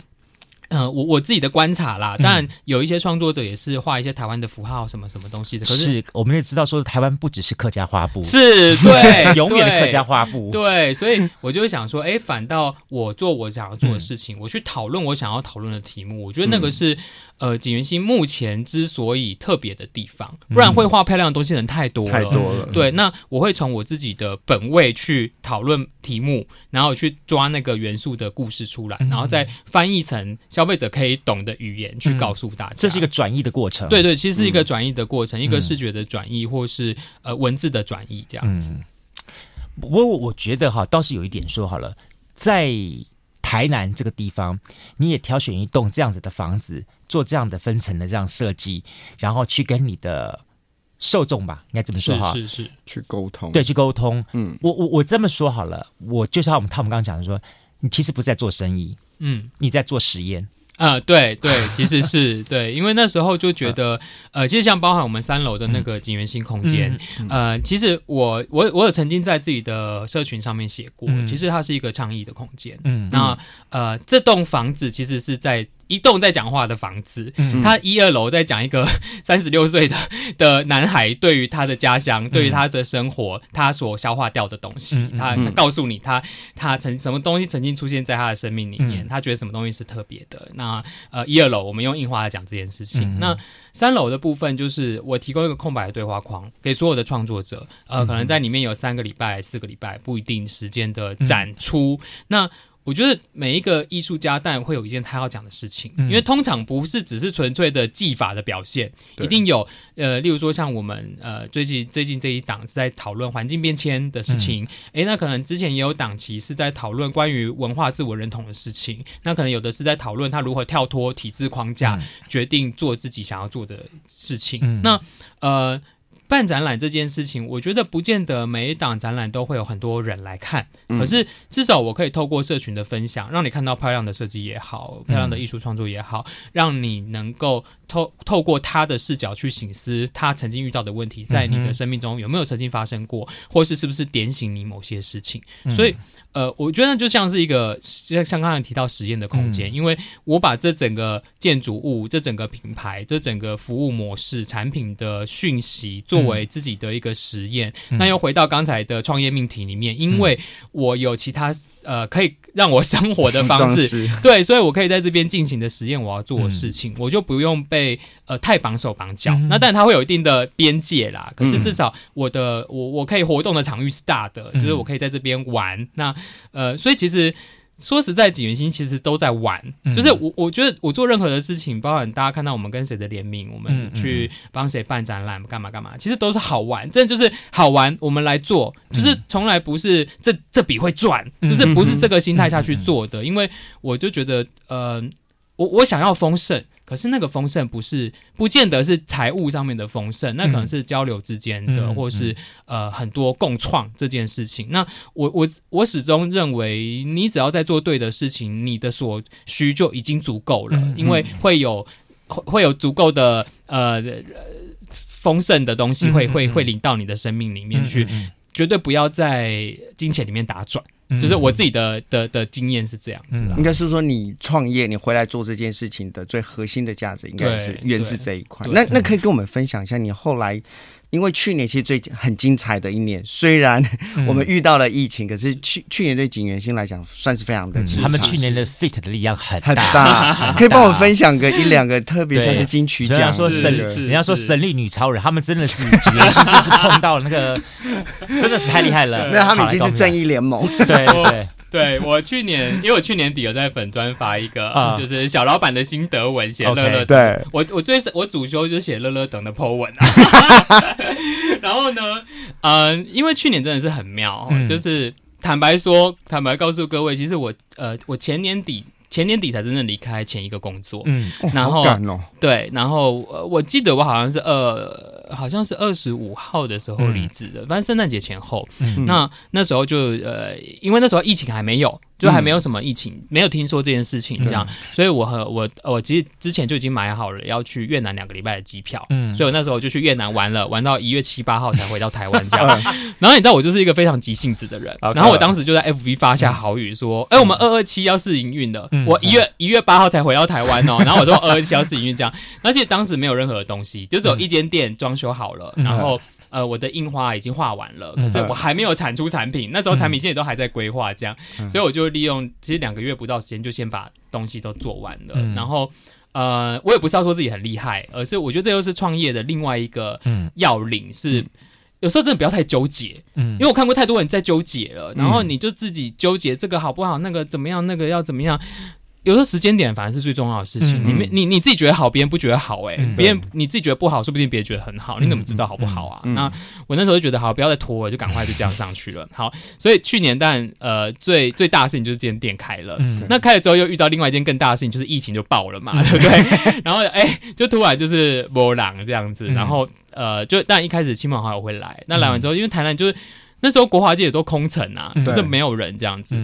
呃，我我自己的觀察啦，但有一些創作者也是畫一些台灣的符號什麼什麼東西的。可是，是我們也知道說台灣不只是客家花布，是，對， 永遠的客家花布對。對，所以我就會想說，哎、欸，反倒我做我想要做的事情，嗯、我去討論我想要討論的題目，我覺得那個是、嗯、呃錦源興目前之所以特別的地方，不然會畫漂亮的東西人太多了，太多了。對，嗯、那我會從我自己的本位去討論題目，然後去抓那個元素的故事出來，然後再翻譯成。消費者可以懂的語言去告訴大家、嗯，這是一個轉譯的過程。對，對對，其實是一個轉譯的過程、嗯，一個視覺的轉譯，或是呃文字的轉譯。這樣子。不、嗯、過我，我覺得哈，倒是有一點說好了，在台南這個地方，你也挑選一棟這樣子的房子，做這樣的分層的這樣設計，然後去跟你的受眾吧，應該這麼說哈，是是去溝通，對，去溝通。嗯，我我我這麼說好了，我就像我們他們剛剛講的說。你其實不是在做生意，嗯，你在做實驗啊、呃？對對，其實是 對，因為那時候就覺得，呃，其實像包含我們三樓的那個錦源興空間、嗯嗯嗯，呃，其實我我我有曾經在自己的社群上面寫過，嗯、其實它是一個倡議的空間。嗯，那呃，這棟房子其實是在。一棟在講話的房子。他一二樓在講一個三十六歲的的男孩，對於他的家鄉，對於他的生活，嗯、他所消化掉的東西，嗯嗯、他他告訴你他，他他曾什麼東西曾經出現在他的生命裡面，嗯、他覺得什麼東西是特別的。那呃一二樓，我們用印花來講這件事情、嗯。那三樓的部分就是我提供一個空白的對話框給所有的創作者，呃，嗯、可能在裡面有三個禮拜、四個禮拜不一定時間的展出。嗯、那我覺得每一個藝術家，但會有一件他要講的事情，因為通常不是只是純粹的技法的表現、嗯，一定有，呃，例如說像我們呃最近最近這一檔是在討論環境變遷的事情，哎、嗯欸，那可能之前也有檔期是在討論關於文化自我認同的事情，那可能有的是在討論他如何跳脫體制框架、嗯，決定做自己想要做的事情，嗯、那呃。辦展覽這件事情，我覺得不見得每一檔展覽都會有很多人來看。可是至少我可以透過社群的分享，讓你看到漂亮的設計也好，漂亮的藝術創作也好，讓你能夠透透過他的視角去省思他曾經遇到的問題，在你的生命中有沒有曾經發生過，或是是不是點醒你某些事情。所以。呃，我覺得就像是一個，像剛才提到實驗的空間、嗯，因為我把這整個建築物、這整個品牌、這整個服務模式、產品的訊息作為自己的一個實驗、嗯。那又回到剛才的創業命題裡面，因為我有其他。呃，可以讓我生活的方式， 對，所以我可以在這邊盡情的實驗我要做的事情、嗯，我就不用被呃太綁手綁腳、嗯。那但它會有一定的邊界啦、嗯，可是至少我的我我可以活動的場域是大的，嗯，就是我可以在這邊玩。那呃，所以其實。說實在，錦源興其實都在玩、嗯，就是我，我覺得我做任何的事情，包含大家看到我們跟誰的聯名，我們去幫誰辦展覽，幹嘛幹嘛，其實都是好玩，真的就是好玩，我們來做，就是從來不是這這筆會賺、嗯，就是不是這個心態下去做的、嗯嗯嗯嗯嗯嗯，因為我就覺得，嗯、呃。我我想要豐盛，可是那個豐盛不是不見得是財務上面的豐盛，那可能是交流之間的、嗯，或是呃很多共創這件事情。那我我我始終認為，你只要在做對的事情，你的所需就已經足夠了、嗯，因為會有會有足夠的呃豐盛的東西會、嗯嗯、會會臨到你的生命裡面去、嗯嗯嗯嗯，絕對不要在金錢裡面打轉。就是我自己的、嗯、的的，的經驗是這樣子，的，應該是說你創業，你回來做這件事情的最核心的價值，應該是源自這一塊。那那可以跟我們分享一下你後來。因為去年其實最很精彩的一年，雖然我們遇到了疫情，嗯、可是去去年對錦源興來講算是非常的精彩，嗯。他們去年的 fit 的力量很大，很大很大，可以幫我分享個一兩個 特別像是金曲獎，人家、啊、說，說神力女超人，他們真的是，是，是錦源興就是碰到那個， 真的是太厲害了。沒有，他們已經是正義聯盟。對 對。對 對，我去年，因為我去年底有在粉專發一個、啊，就是小老闆的心得文寫樂樂，寫樂樂。對我，我最我主修就是寫樂樂等的 po 文啊。 然後呢，嗯、呃，因為去年真的是很妙，嗯、就是坦白說，坦白告訴各位，其實我呃，我前年底前年底才真正離開前一個工作，嗯，哦、然後哦，對，然後呃，我記得我好像是二。呃好像是二十五號的時候離職的，反正聖誕節前後。嗯、那那時候就呃，因為那時候疫情還沒有，就還沒有什麼疫情，嗯、沒有聽說這件事情這樣，嗯、所以我和我我其實之前就已經買好了要去越南兩個禮拜的機票。嗯，所以我那時候就去越南玩了，玩到一月七八號才回到台灣這樣、嗯。然後你知道我就是一個非常急性子的人、嗯，然後我當時就在 FB 發下豪語說：“哎、嗯欸嗯，我們二二七要試營運的，我、嗯、一月一月八號才回到台灣哦、喔。嗯”然後我說：“二二七要試營運這樣。嗯”而且當時沒有任何的東西，就只有一間店裝。嗯修好了，然後、嗯、呃，我的印花已經畫完了，可是我還沒有產出產品。那時候產品現在都還在規劃，這樣、嗯，所以我就利用其實兩個月不到時間，就先把東西都做完了。嗯、然後呃，我也不是要說自己很厲害，而是我覺得這又是創業的另外一個要領是，是、嗯、有時候真的不要太糾結。嗯，因為我看過太多人在糾結了，然後你就自己糾結這個好不好，那個怎麼樣，那個要怎麼樣。有時候時間點反而是最重要的事情。你你你自己覺得好，別人不覺得好哎。別人你自己覺得不好，說不定別人覺得很好。你怎麼知道好不好啊？那我那時候就覺得好，不要再拖了，就趕快就這樣上去了。好，所以去年當然呃最最大的事情就是這間店開了。那開了之後又遇到另外一件更大的事情，就是疫情就爆了嘛，對不對？然後哎、欸，就突然就是波浪這樣子。然後呃，就當然一開始親朋好友會來，那來完之後，因為台南就是那時候國華街也都空城啊，就是沒有人這樣子。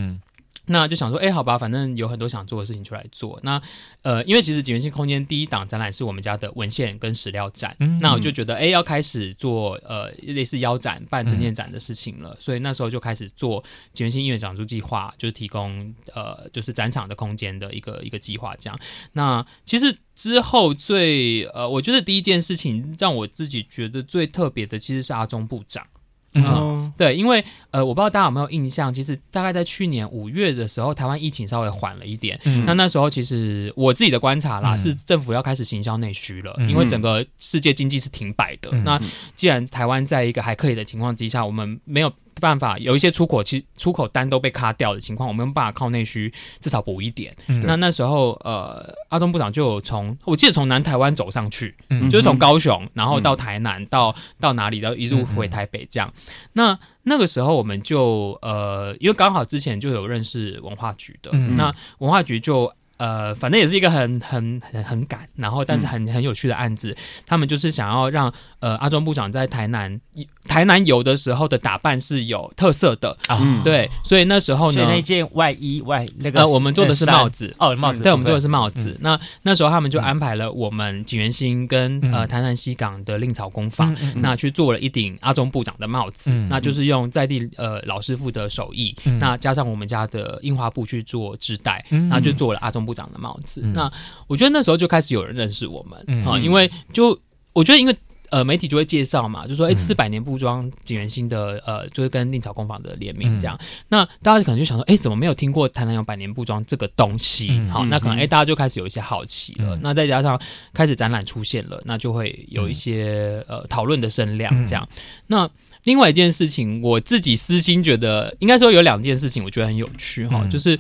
那就想說，哎、欸，好吧，反正有很多想做的事情就來做。那，呃，因為其實錦源興空間第一檔展覽是我們家的文獻跟史料展、嗯嗯，那我就覺得，哎、欸，要開始做呃類似邀展、辦徵件展的事情了、嗯。所以那時候就開始做錦源興音樂展出計劃，就是提供呃就是展場的空間的一個一個計劃。這樣，那其實之後最呃，我覺得第一件事情讓我自己覺得最特別的，其實是阿中部長。嗯、uh-huh.，uh-huh. 對，因為呃，我不知道大家有沒有印象，其實大概在去年五月的時候，台灣疫情稍微緩了一點、嗯。那那時候其實我自己的觀察啦，嗯、是政府要開始行銷內需了、嗯，因為整個世界經濟是停擺的、嗯。那既然台灣在一個還可以的情況之下，我們沒有。辦法有一些出口，其出口單都被卡掉的情況，我們沒辦法靠內需至少補一點。嗯、那那時候，呃，阿中部長就有從，我記得從南台灣走上去，嗯、就是從高雄，然後到台南，嗯、到到哪裡，然後一路回台北這樣。嗯、那那個時候，我們就呃，因為剛好之前就有認識文化局的，嗯、那文化局就。呃，反正也是一個很很很很趕，然後但是很很有趣的案子、嗯。他們就是想要讓呃阿中部長在台南台南遊的時候的打扮是有特色的啊、嗯，對，所以那時候呢，那件外衣外那個、呃、我們做的是帽子哦，帽子、嗯，對，我們做的是帽子。嗯、那那時候他們就安排了我們錦源興跟、嗯、呃台南西港的藺草工坊嗯嗯嗯嗯，那去做了一頂阿中部長的帽子，嗯嗯嗯那就是用在地呃老師傅的手藝、嗯嗯，那加上我們家的印花布去做織帶、嗯嗯，那就做了阿中部。部長的帽子、嗯，那我覺得那時候就開始有人認識我們嗯,嗯，因為就我覺得，因為呃，媒體就會介紹嘛，就說哎，這是、嗯、百年布莊錦源興的呃，就會跟寧草工坊的聯名這樣、嗯。那大家可能就想說，哎，怎麼沒有聽過台南有百年布莊這個東西？嗯、好、嗯，那可能哎，大家就開始有一些好奇了。嗯、那再加上開始展覽出現了、嗯，那就會有一些、嗯、呃討論的聲量這樣、嗯。那另外一件事情，我自己私心覺得，應該說有兩件事情，我覺得很有趣哈、嗯，就是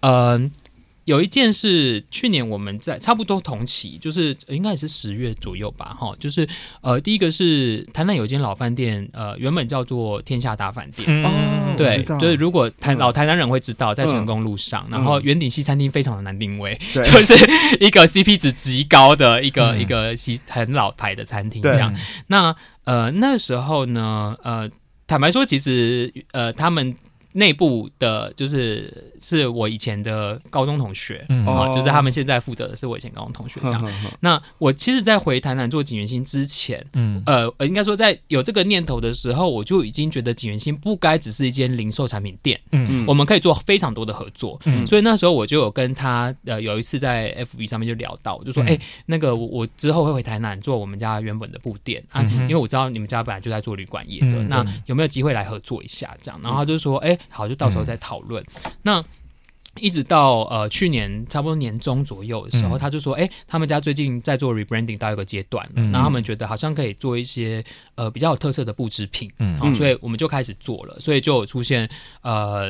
嗯。呃有一件事，去年我們在差不多同期，就是應該也是十月左右吧，哈，就是呃，第一個是台南有間老飯店，呃，原本叫做天下大飯店，嗯，對，哦、就是如果台、嗯、老台南人會知道，在成功路上，嗯、然後圓頂西餐廳非常的難定位，嗯、就是一個 CP 值極高的一個一個西很老台的餐廳，這樣。那呃那時候呢，呃，坦白說，其實呃他們內部的，就是。是我以前的高中同學，嗯，嗯，就是他們現在負責的是我以前高中同學這樣。哦、那我其實，在回台南做錦源興之前，嗯，呃，應該說在有這個念頭的時候，我就已經覺得錦源興不該只是一間零售產品店，嗯嗯，我們可以做非常多的合作，嗯，所以那時候我就有跟他，呃，有一次在 FB 上面就聊到，就說，哎、嗯欸，那個我之後會回台南做我們家原本的布店、嗯、啊，因為我知道你們家本來就在做旅館業的，那有沒有機會來合作一下這樣？然後他就說，哎、欸，好，就到時候再討論、嗯。那一直到呃去年差不多年中左右的時候，嗯、他就說：“哎、欸，他們家最近在做 rebranding 到一個階段、嗯，然後他們覺得好像可以做一些呃比較有特色的布製品，嗯、哦，所以我們就開始做了，所以就有出現呃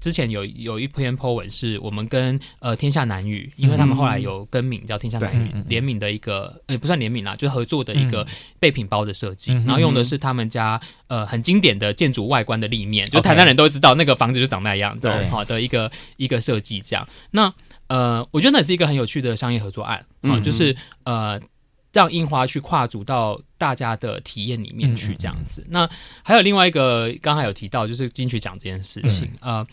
之前有有一篇 po 文，是我們跟呃天下南隅，因為他們後來有更名叫天下南隅、嗯、聯名的一個，呃，不算聯名啦，就是合作的一個備品包的設計、嗯，然後用的是他們家。”呃，很經典的建築外觀的立面，就是、台南人都知道那個房子就長那樣，對，對好的一個一個設計這樣。那呃，我覺得那是一個很有趣的商業合作案、嗯啊、就是呃，讓印花去跨足到大家的體驗裡面去這樣子。嗯、那還有另外一個，剛才有提到就是金曲獎這件事情，嗯、呃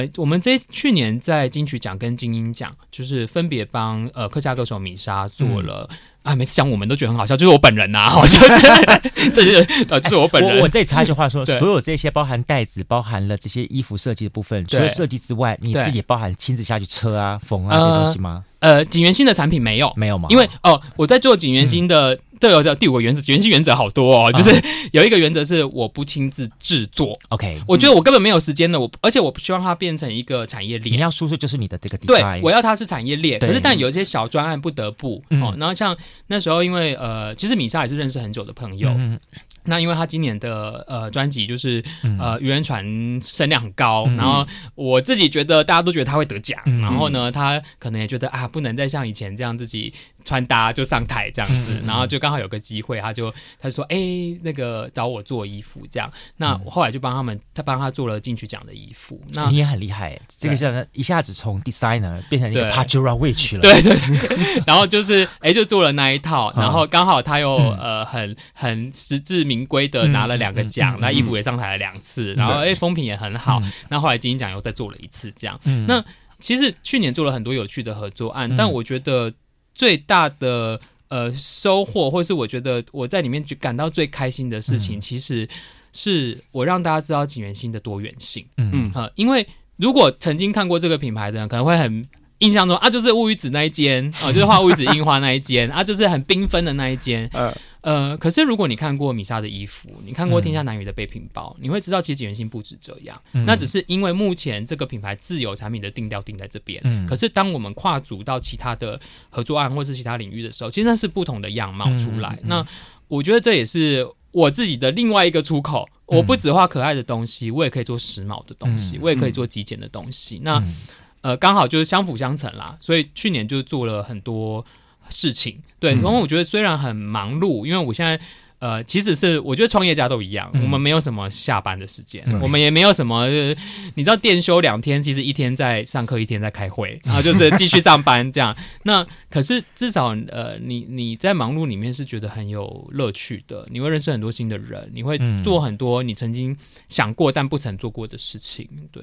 呃，我們這去年在金曲獎跟金音獎，就是分別幫呃客家歌手米莎做了、嗯。啊，每次講我們都覺得很好笑，就是我本人吶、好像是，就是， 這是就是我本人。欸、我再插一句話說，所有這些包含袋子，包含了這些衣服設計的部分，除了設計之外，你自己包含親自下去車啊、縫啊、呃、這些東西嗎？呃，錦源興的產品沒有，沒有嗎？因為哦，我在做錦源興的，嗯。這有叫第五個原則，原先原則好多哦，啊，就是有一個原則是我不親自制作。OK，我覺得我根本沒有時間的，嗯、我而且我不希望它變成一個產業鏈。你要輸出就是你的這個。對，我要它是產業鏈。可是但有一些小專案不得不哦，嗯，然後像那時候因為呃，其實米莎也是認識很久的朋友，嗯，那因為她今年的呃專輯就是呃愚人船聲量很高，嗯，然後我自己覺得大家都覺得她會得獎，嗯，然後呢她，可能也覺得啊不能再像以前這樣自己。穿搭就上台這樣子，然後就剛好有個機會，他就他就說：“哎、欸，那個找我做衣服這樣。”那我後來就幫他們，他幫他做了金曲獎的衣服。你也很厲害，這個像一下子從 designer 變成一個 paquera 位去了。對對，對，對。 然後就是哎、欸，就做了那一套，嗯、然後剛好他又呃很很實至名歸的拿了兩個獎，那、嗯、衣服也上台了兩次、嗯，然後哎、欸、風評也很好。那、嗯、後，後來金曲獎又再做了一次這樣。嗯。那其實去年做了很多有趣的合作案，嗯、但我覺得，最大的呃收穫，或是我覺得我在裡面就感到最開心的事情、嗯，其實是我讓大家知道錦源興的多元性。嗯嗯、呃，因為如果曾經看過這個品牌的人，可能會很印象中啊，就是烏魚子那一間啊、呃，就是畫烏魚子櫻花那一間， 啊，就是很繽紛的那一間。呃呃，可是如果你看過米莎的衣服，你看過《天下男女》的背品包，嗯，你會知道其實錦源興不止這樣、嗯。那只是因為目前這個品牌自有產品的定調定在這邊、嗯。可是當我們跨足到其他的合作案或是其他領域的時候，其實那是不同的樣貌出來、嗯嗯。那我覺得這也是我自己的另外一個出口。嗯、我不只畫可愛的東西，我也可以做時髦的東西，嗯、我也可以做極簡的東西。嗯、那、嗯、呃，剛好就是相輔相成啦。所以去年就做了很多。事情對。然、嗯、後我覺得雖然很忙碌，因為我現在呃，其實是我覺得創業家都一樣、嗯，我們沒有什麼下班的時間，嗯、我們也沒有什麼，就是、你知道，店休兩天，其實一天在上課，一天在開會，然、啊、後就是繼續上班這樣。 那可是至少呃，你你在忙碌裡面是覺得很有樂趣的，你會認識很多新的人，你會做很多你曾經想過但不曾做過的事情。對，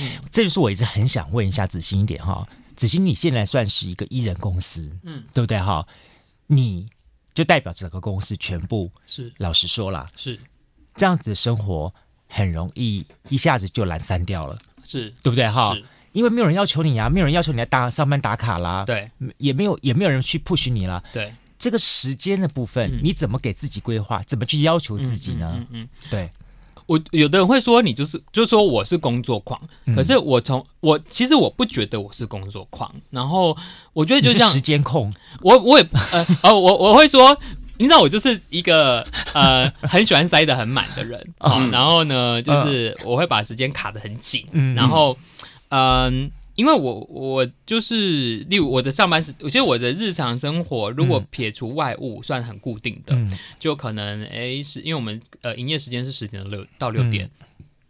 嗯、這就是我一直很想問一下子興一點哈、哦。子興，你現在算是一個一人公司，嗯，對不對哈、哦？你就代表整個公司全部，是老實說了，是這樣子的生活很容易一下子就懶散掉了，是對不對哈、哦？因為沒有人要求你啊，沒有人要求你來打上班打卡啦，對，也沒有也沒有人去 push 你啦。對，這個時間的部分、嗯、你怎麼給自己規劃？怎麼去要求自己呢？嗯，嗯嗯嗯對。我有的人會說你就是就說我是工作狂，嗯，可是我從我其實我不覺得我是工作狂，然後我覺得就像時間控，我我也 呃哦我我會說，你知道我就是一個呃很喜歡塞得很滿的人啊，哦嗯，然後呢就是我會把時間卡得很緊，嗯，然後嗯。呃因為我我就是，例如我的上班時，其實我的日常生活如果撇除外物，嗯、算很固定的，就可能誒，是因為我們呃營業時間是十點六到六點。嗯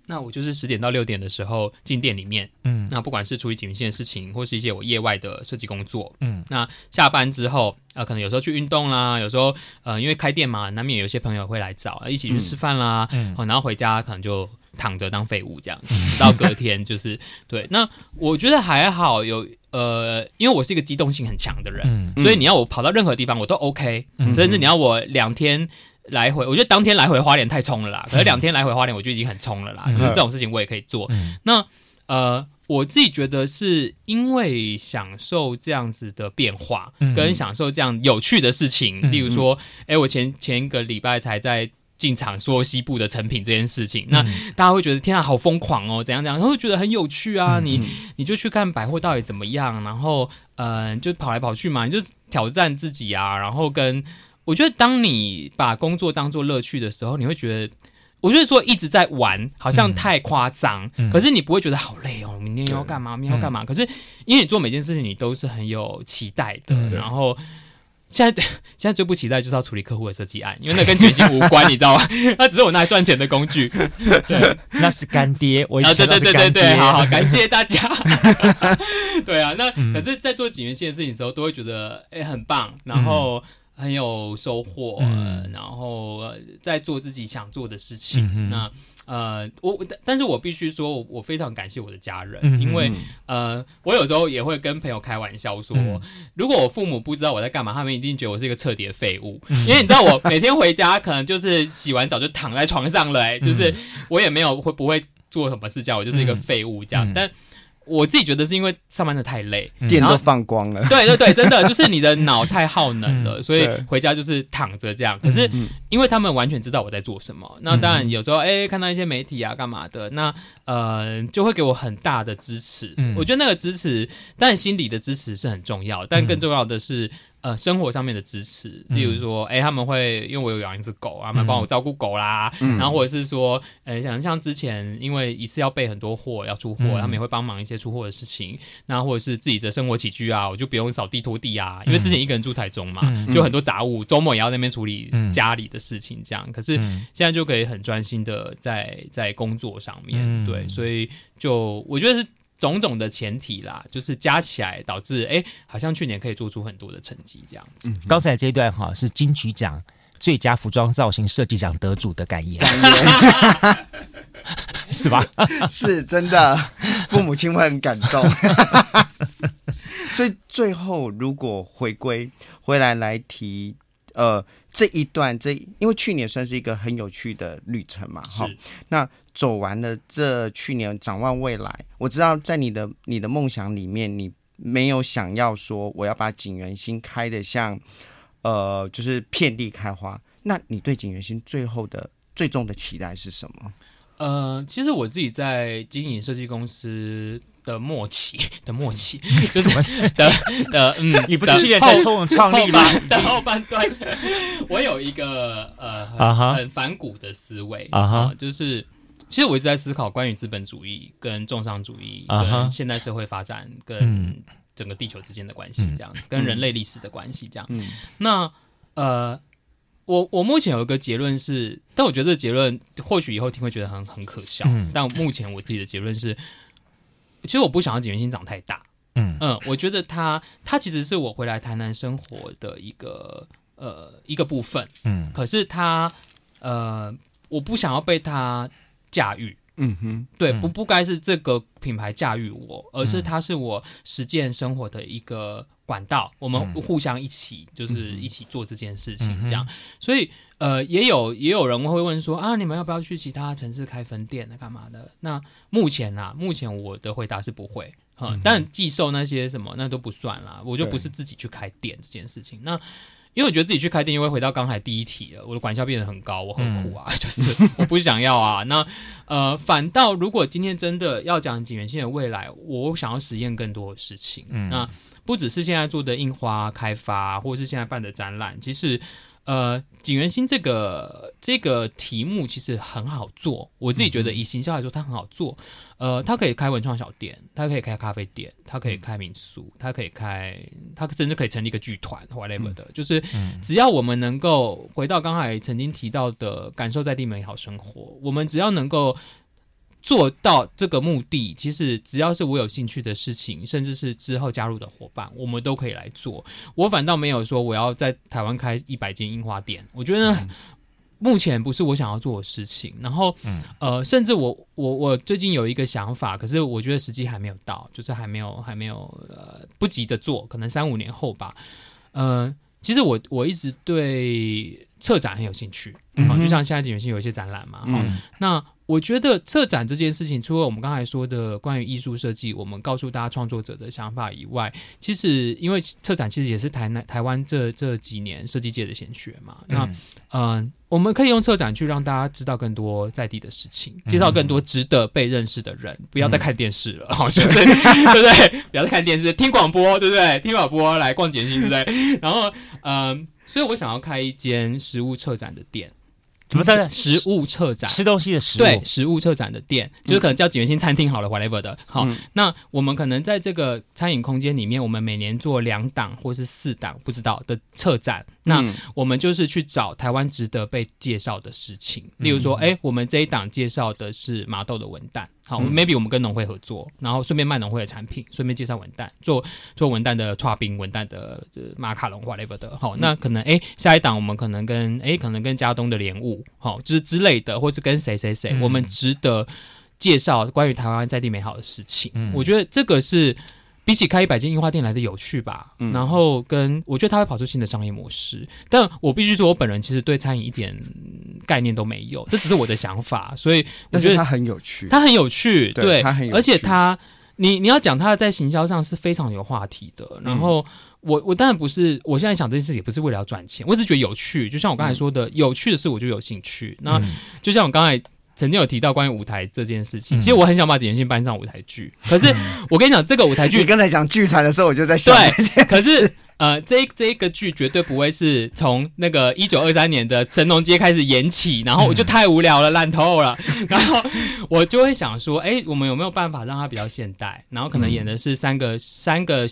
那我就是十點到六點的時候進店裡面，嗯，那不管是處理錦源興事情，或是一些我業外的設計工作，嗯，那下班之後，啊、呃，可能有時候去運動啦，有時候，呃，因為開店嘛，難免有些朋友會來找，一起去吃飯啦，嗯、哦，然後回家可能就躺着當廢物這樣子，嗯、直到隔天就是 對。那我覺得還好有，有呃，因為我是一個機動性很強的人、嗯，所以你要我跑到任何地方我都 OK，、嗯、甚至你要我兩天。來回，我覺得當天來回花蓮太衝了啦。可是兩天來回花蓮，我就已經很衝了啦、嗯。可是這種事情我也可以做。嗯、那呃，我自己覺得是因為享受這樣子的變化，嗯嗯，跟享受這樣有趣的事情。嗯嗯，例如說，哎、欸，我前前一個禮拜才在進場說西部的成品這件事情，嗯嗯，那大家會覺得天啊好瘋狂哦，怎樣怎樣，都會覺得很有趣啊。嗯嗯，你你就去看百貨到底怎麼樣，然後嗯、呃，就跑來跑去嘛，你就挑戰自己啊，然後跟。我覺得，當你把工作當做樂趣的時候，你會覺得，我覺得說一直在玩，好像太誇張。嗯、可是你不會覺得好累哦，明天要幹嘛？嗯、明天要幹嘛、嗯要幹嘛嗯？可是因為你做每件事情，你都是很有期待的。嗯、然後現在現在最不期待就是要處理客戶的設計案，因為那跟錦源興無關， 你知道嗎？那只是我拿來賺錢的工具。那是乾爹，我一直都是乾爹。對，對對對對對，好， 感謝大家。 對啊，那、嗯、可是，在做錦源興的事情的時候，都會覺得哎、欸，很棒。然後。嗯很有收穫、嗯，然後、呃、在做自己想做的事情。嗯、那呃，我但是我必須說，我非常感謝我的家人，嗯、因為呃，我有時候也會跟朋友開玩笑說、嗯，如果我父母不知道我在干嘛，他們一定覺得我是一個徹底的廢物、嗯。因為你知道，我每天回家可能就是洗完澡就躺在床上了、欸嗯，就是我也沒有會不會做什麼事情，我就是一個廢物這樣，嗯、但。我自己覺得是因為上班的太累，嗯、電都放光了。對對對，真的就是你的腦太耗能了、 嗯，所以回家就是躺着這樣。可是因為他們完全知道我在做什麼，嗯嗯那當然有時候哎、欸，看到一些媒體啊幹嘛的，那呃就會給我很大的支持。嗯、我覺得那個支持，當然心裡的支持是很重要，但更重要的是。嗯呃，生活上面的支持，例如說，哎、嗯欸，他們會因為我有養一隻狗，他們幫我照顧狗啦、嗯，然後或者是說，誒、欸，像像之前，因為一次要備很多貨要出貨、嗯，他們也會幫忙一些出貨的事情，那或者是自己的生活起居啊，我就不用掃地拖地啊，因為之前一個人住台中嘛，嗯、就很多雜物，周末也要在那邊處理家裡的事情，這樣、嗯，可是現在就可以很專心的在在工作上面、嗯，對，所以就我覺得是。種種的前提啦，就是加起來導致，哎、欸，好像去年可以做出很多的成績這樣子。嗯，剛才這一段哈是金曲獎最佳服裝造型設計獎得主的感言，感言 是吧？是，是真的，父母親會很感動。 所以最後，如果回歸回來來提，呃，這一段，這因為去年算是一個很有趣的旅程嘛，哈，那。走完了這去年，展望未來，我知道在你的你的夢想裡面，你沒有想要說我要把錦源興開得像，呃，就是遍地開花。那你對錦源興最後的最終的期待是什麼？呃，其實我自己在經營設計公司的末期的末期，就是我，麼 的的嗯，你不是去 在從創意嗎？後後 的後半段， 我有一個呃很，、uh -huh. 很反骨的思維啊哈、uh -huh. 呃，就是。其實我一直在思考關於資本主義跟重商主義，跟現代社會發展，跟整個地球之間的關係，這樣子跟人類歷史的關係，這樣。那呃，我我目前有一個結論是，但我覺得這個結論或許以後聽會覺得很很可笑。但目前我自己的結論是，其實我不想要錦源興長太大。嗯嗯，我覺得他他其實是我回來台南生活的一個呃一個部分。嗯，可是他呃，我不想要被他。駕馭，嗯哼，對，不不該是這個品牌駕馭我，而是它是我實踐生活的一個管道，嗯。我們互相一起，就是一起做這件事情，這樣，嗯嗯。所以，呃，也有也有人會問說啊，你們要不要去其他城市開分店的，啊，幹嘛的？那目前啊，目前我的回答是不會啊，嗯。但寄售那些什麼，那都不算啦，我就不是自己去開店這件事情。那因為我覺得自己去開店，因為回到剛才第一題了。我的管銷變得很高，我很苦啊、嗯，就是我不是想要啊。 那呃，反倒如果今天真的要講錦源興的未來，我想要實驗更多的事情。嗯、那不只是現在做的印花開發，或者是現在辦的展覽，其實。呃，錦源興這個這個題目其實很好做，我自己覺得以行銷來說，它很好做。嗯嗯呃，他可以開文創小店，他可以開咖啡店，他可以開民宿，他、嗯、可以開，他甚至可以成立一個劇團，whatever 的、嗯。就是只要我們能夠回到剛才曾經提到的感受，在地美好生活，我們只要能夠。做到這個目的，其實只要是我有興趣的事情，甚至是之後加入的夥伴，我們都可以來做。我反倒沒有說我要在台灣開一百間印花店，我覺得、嗯、目前不是我想要做的事情。然後，嗯、呃，甚至我我我最近有一個想法，可是我覺得時機還沒有到，就是還沒有還沒有呃不急着做，可能三五年後吧。呃，其實我我一直對。策展很有興趣，嗯、哦，就像現在錦源興有一些展覽嘛，哈、嗯哦，那我覺得策展這件事情，除了我們剛才說的關於藝術設計，我們告訴大家創作者的想法以外，其實因為策展其實也是台南台灣這這幾年設計界的先驅嘛，嗯那嗯、呃，我們可以用策展去讓大家知道更多在地的事情，介紹更多值得被認識的人，不要再看電視了，好、嗯，像、哦就是 對不對？不要再看電視，聽廣播，對不對？聽廣播來逛錦源興，對不對？然後嗯。呃所以，我想要開一間食物策展的店，什麼策展？食物策展，吃，吃東西的食物，對，食物策展的店，嗯、就是可能叫錦源興餐廳好了、嗯、whatever 的。好、嗯，那我們可能在這個餐飲空間裡面，我們每年做兩檔或是四檔，不知道的策展、嗯。那我們就是去找台灣值得被介紹的事情，例如說，哎、嗯欸，我們這一檔介紹的是麻豆的文旦。好，maybe 我們跟農會合作，然後順便賣農會的產品，順便介紹文旦，做做文旦的剉冰、文旦的馬卡龍，whatever 的。好，那、嗯 we'll we'll we'll we'll we'll 嗯嗯、可能誒、欸、下一檔我們可能跟誒、欸、可能跟佳冬的蓮霧，好，就是之類的，或是跟誰誰誰，我們值得介紹關於台灣在地美好的事情。嗯、我覺得這個是。比起開一百間印花店來的有趣吧，嗯、然後跟我覺得他會跑出新的商業模式，但我必須說，我本人其實對餐飲一點概念都沒有，這只是我的想法， 所以我覺得他很有趣，他很有趣，對，對，他很有趣。而且他你你要講他在行銷上是非常有話題的。然後我、嗯、我當然不是，我現在想這件事也不是為了要賺錢，我只是覺得有趣。就像我剛才說的，嗯、有趣的事我就有興趣。那、嗯、就像我剛才。曾經有提到關於舞台這件事情，嗯、其實我很想把錦源興搬上舞台劇，嗯、可是、嗯、我跟你講，這個舞台劇，你剛才講劇團的時候，我就在想對，對，可是。呃，這一這一個劇絕對不會是從那個一九二三年的《神農街》開始演起，然後我就太無聊了，嗯、爛透了。然後我就會想說，哎，我們有沒有辦法讓它比較現代？然後可能演的是三個、嗯、三個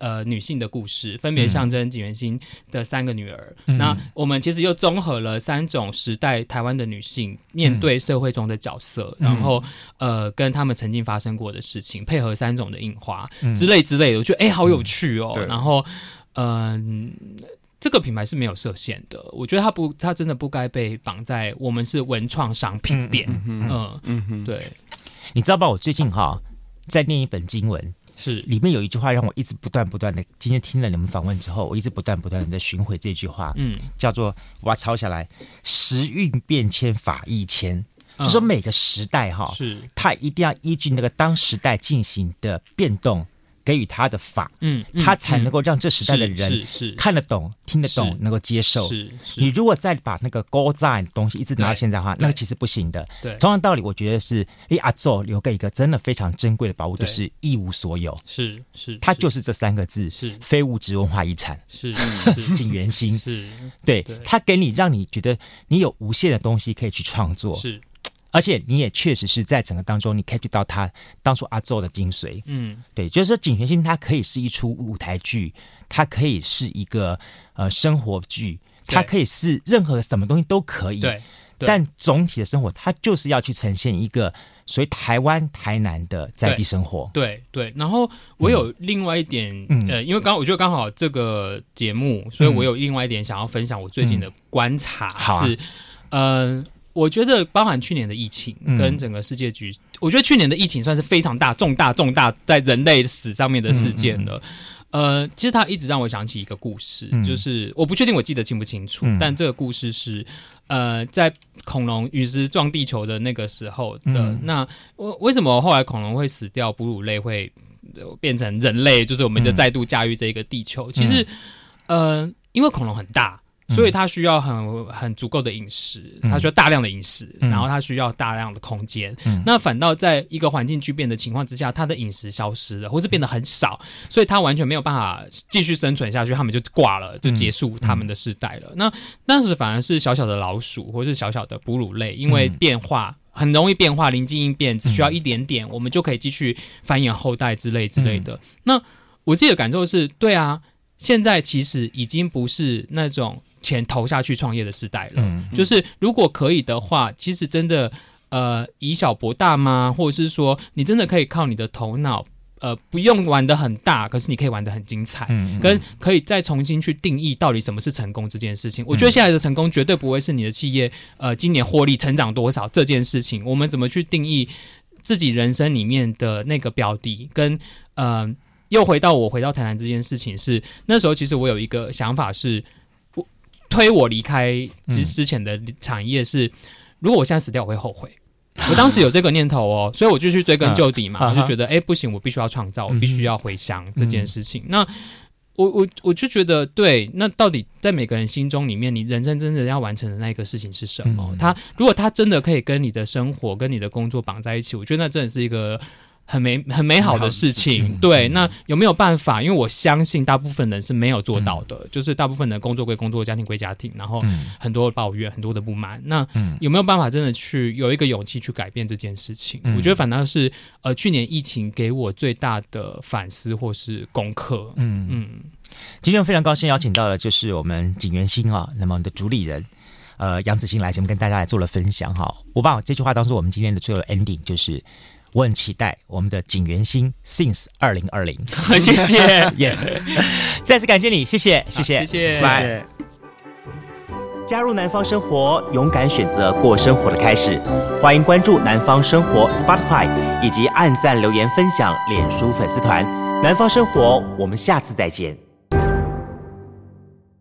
呃女性的故事，分別象徵錦源興的三個女兒。那、嗯、我們其實又綜合了三種時代台灣的女性面對社會中的角色，嗯、然後呃，跟他們曾經發生過的事情配合三種的印花、嗯、之類之類的，我覺得哎，好有趣哦。嗯、然後。嗯，這個品牌是沒有設限的。我覺得他不，他真的不該被綁在我們是文創商品店。嗯嗯，嗯，對，你知道吧？我最近哈、哦、在念一本經文，是裡面有一句話讓我一直不斷不斷的。今天聽了你們訪問之後，我一直不斷不斷的在尋回這句話。嗯，叫做我抄下來：時運變遷，法亦遷，就是、說每個時代哈、哦嗯，是它一定要依據那個當時代進行的變動。給予他的法嗯，嗯，他才能夠讓這時代的人是、是、是看得懂，聽得懂，能夠接受是。是，你如果再把那個古早的東西一直拿到現在的話，那個其實不行的。對，同樣道理，我覺得是你阿祖留給一個真的非常珍貴的寶物，就是一無所有。是是、是，他就是這三個字，是非物質文化遺產，是， 是，錦源興，是 對，對，他給你讓你覺得你有無限的東西可以去創作。是。而且你也確實是在整個當中，你 catch 到他當初阿祖的精髓。嗯，對，就是說《錦源興》它可以是一出舞台劇，它可以是一個呃生活劇，它可以是任何什麼東西都可以。對。對但總體的生活，它就是要去呈現一個所謂台灣台南的在地生活。對、對、對。然後我有另外一點，嗯，呃、因為剛我覺得剛好這個節目，嗯，所以我有另外一點想要分享我最近的觀察是，嗯。我覺得，包含去年的疫情跟整個世界局，我覺得去年的疫情算是非常大、重大、重大在人類史上面的事件了。呃，其實它一直讓我想起一個故事，就是我不確定我記得清不清楚，但這個故事是，呃，在恐龍隕石撞地球的那個時候的。那為為什麼後來恐龍會死掉，哺乳類會變成人類，就是我們就再度駕馭這個地球？其實，呃，因為恐龍很大。所以它需要很、嗯、很足夠的飲食，它需要大量的飲食、嗯，然後它需要大量的空間、嗯。那反倒在一個環境巨變的情況之下，它的飲食消失了，或是變得很少，所以它完全沒有辦法繼續生存下去，它們就掛了，就結束他們的世代了。嗯嗯、那當時反而是小小的老鼠，或是小小的哺乳類，因為變化、嗯、很容易變化，臨機應變，只需要一點點、嗯，我們就可以繼續繁衍後代之類之類的。嗯、那我自己的感受的是，對啊，現在其實已經不是那種。錢投下去創業的時代了，嗯嗯，就是如果可以的話，其實真的，呃，以小博大嗎？或者是說，你真的可以靠你的頭腦，呃，不用玩得很大，可是你可以玩得很精彩，嗯，跟可以再重新去定義到底什麼是成功這件事情，嗯。我覺得現在的成功絕對不會是你的企業，呃，今年獲利成長多少這件事情。我們怎麼去定義自己人生裡面的那個標的？跟呃又回到我回到台南這件事情是，是那時候其實我有一個想法是。推我離開之之前的產業是，如果我現在死掉，我會後悔。 我當時有這個念頭哦，所以我就去追根究底嘛，我、嗯、就覺得，哎、欸，不行，我必須要創造、嗯，我必須要回鄉這件事情。嗯、那我我我就覺得，對，那到底在每個人心中裡面，你人生真正要完成的那個事情是什麼？嗯、他如果他真的可以跟你的生活、跟你的工作綁在一起，我覺得那真的是一個。很美很美好的事情，對。那有沒有辦法？因為我相信大部分人是沒有做到的，嗯、就是大部分人工作歸工作，家庭歸家庭，然後很多抱怨、嗯，很多的不滿。那有沒有辦法真的去有一個勇氣去改變這件事情？嗯、我覺得反倒是，呃，去年疫情給我最大的反思或是功課。嗯嗯，今天我非常高興邀請到的就是我們錦源興啊、哦，那麼我們的主理人，呃，楊子興來這邊跟大家來做了分享哈。我把這句話當做我們今天的最後的 ending，就是。我很期待我們的錦源興 since 二零二零。 謝謝，yes， 再次感謝你，謝謝，謝謝，謝謝，來，加入南方生活，勇敢選擇過生活的開始，歡迎關注南方生活 Spotify，以及按贊留言分享臉書粉絲團，南方生活，我們下次再見。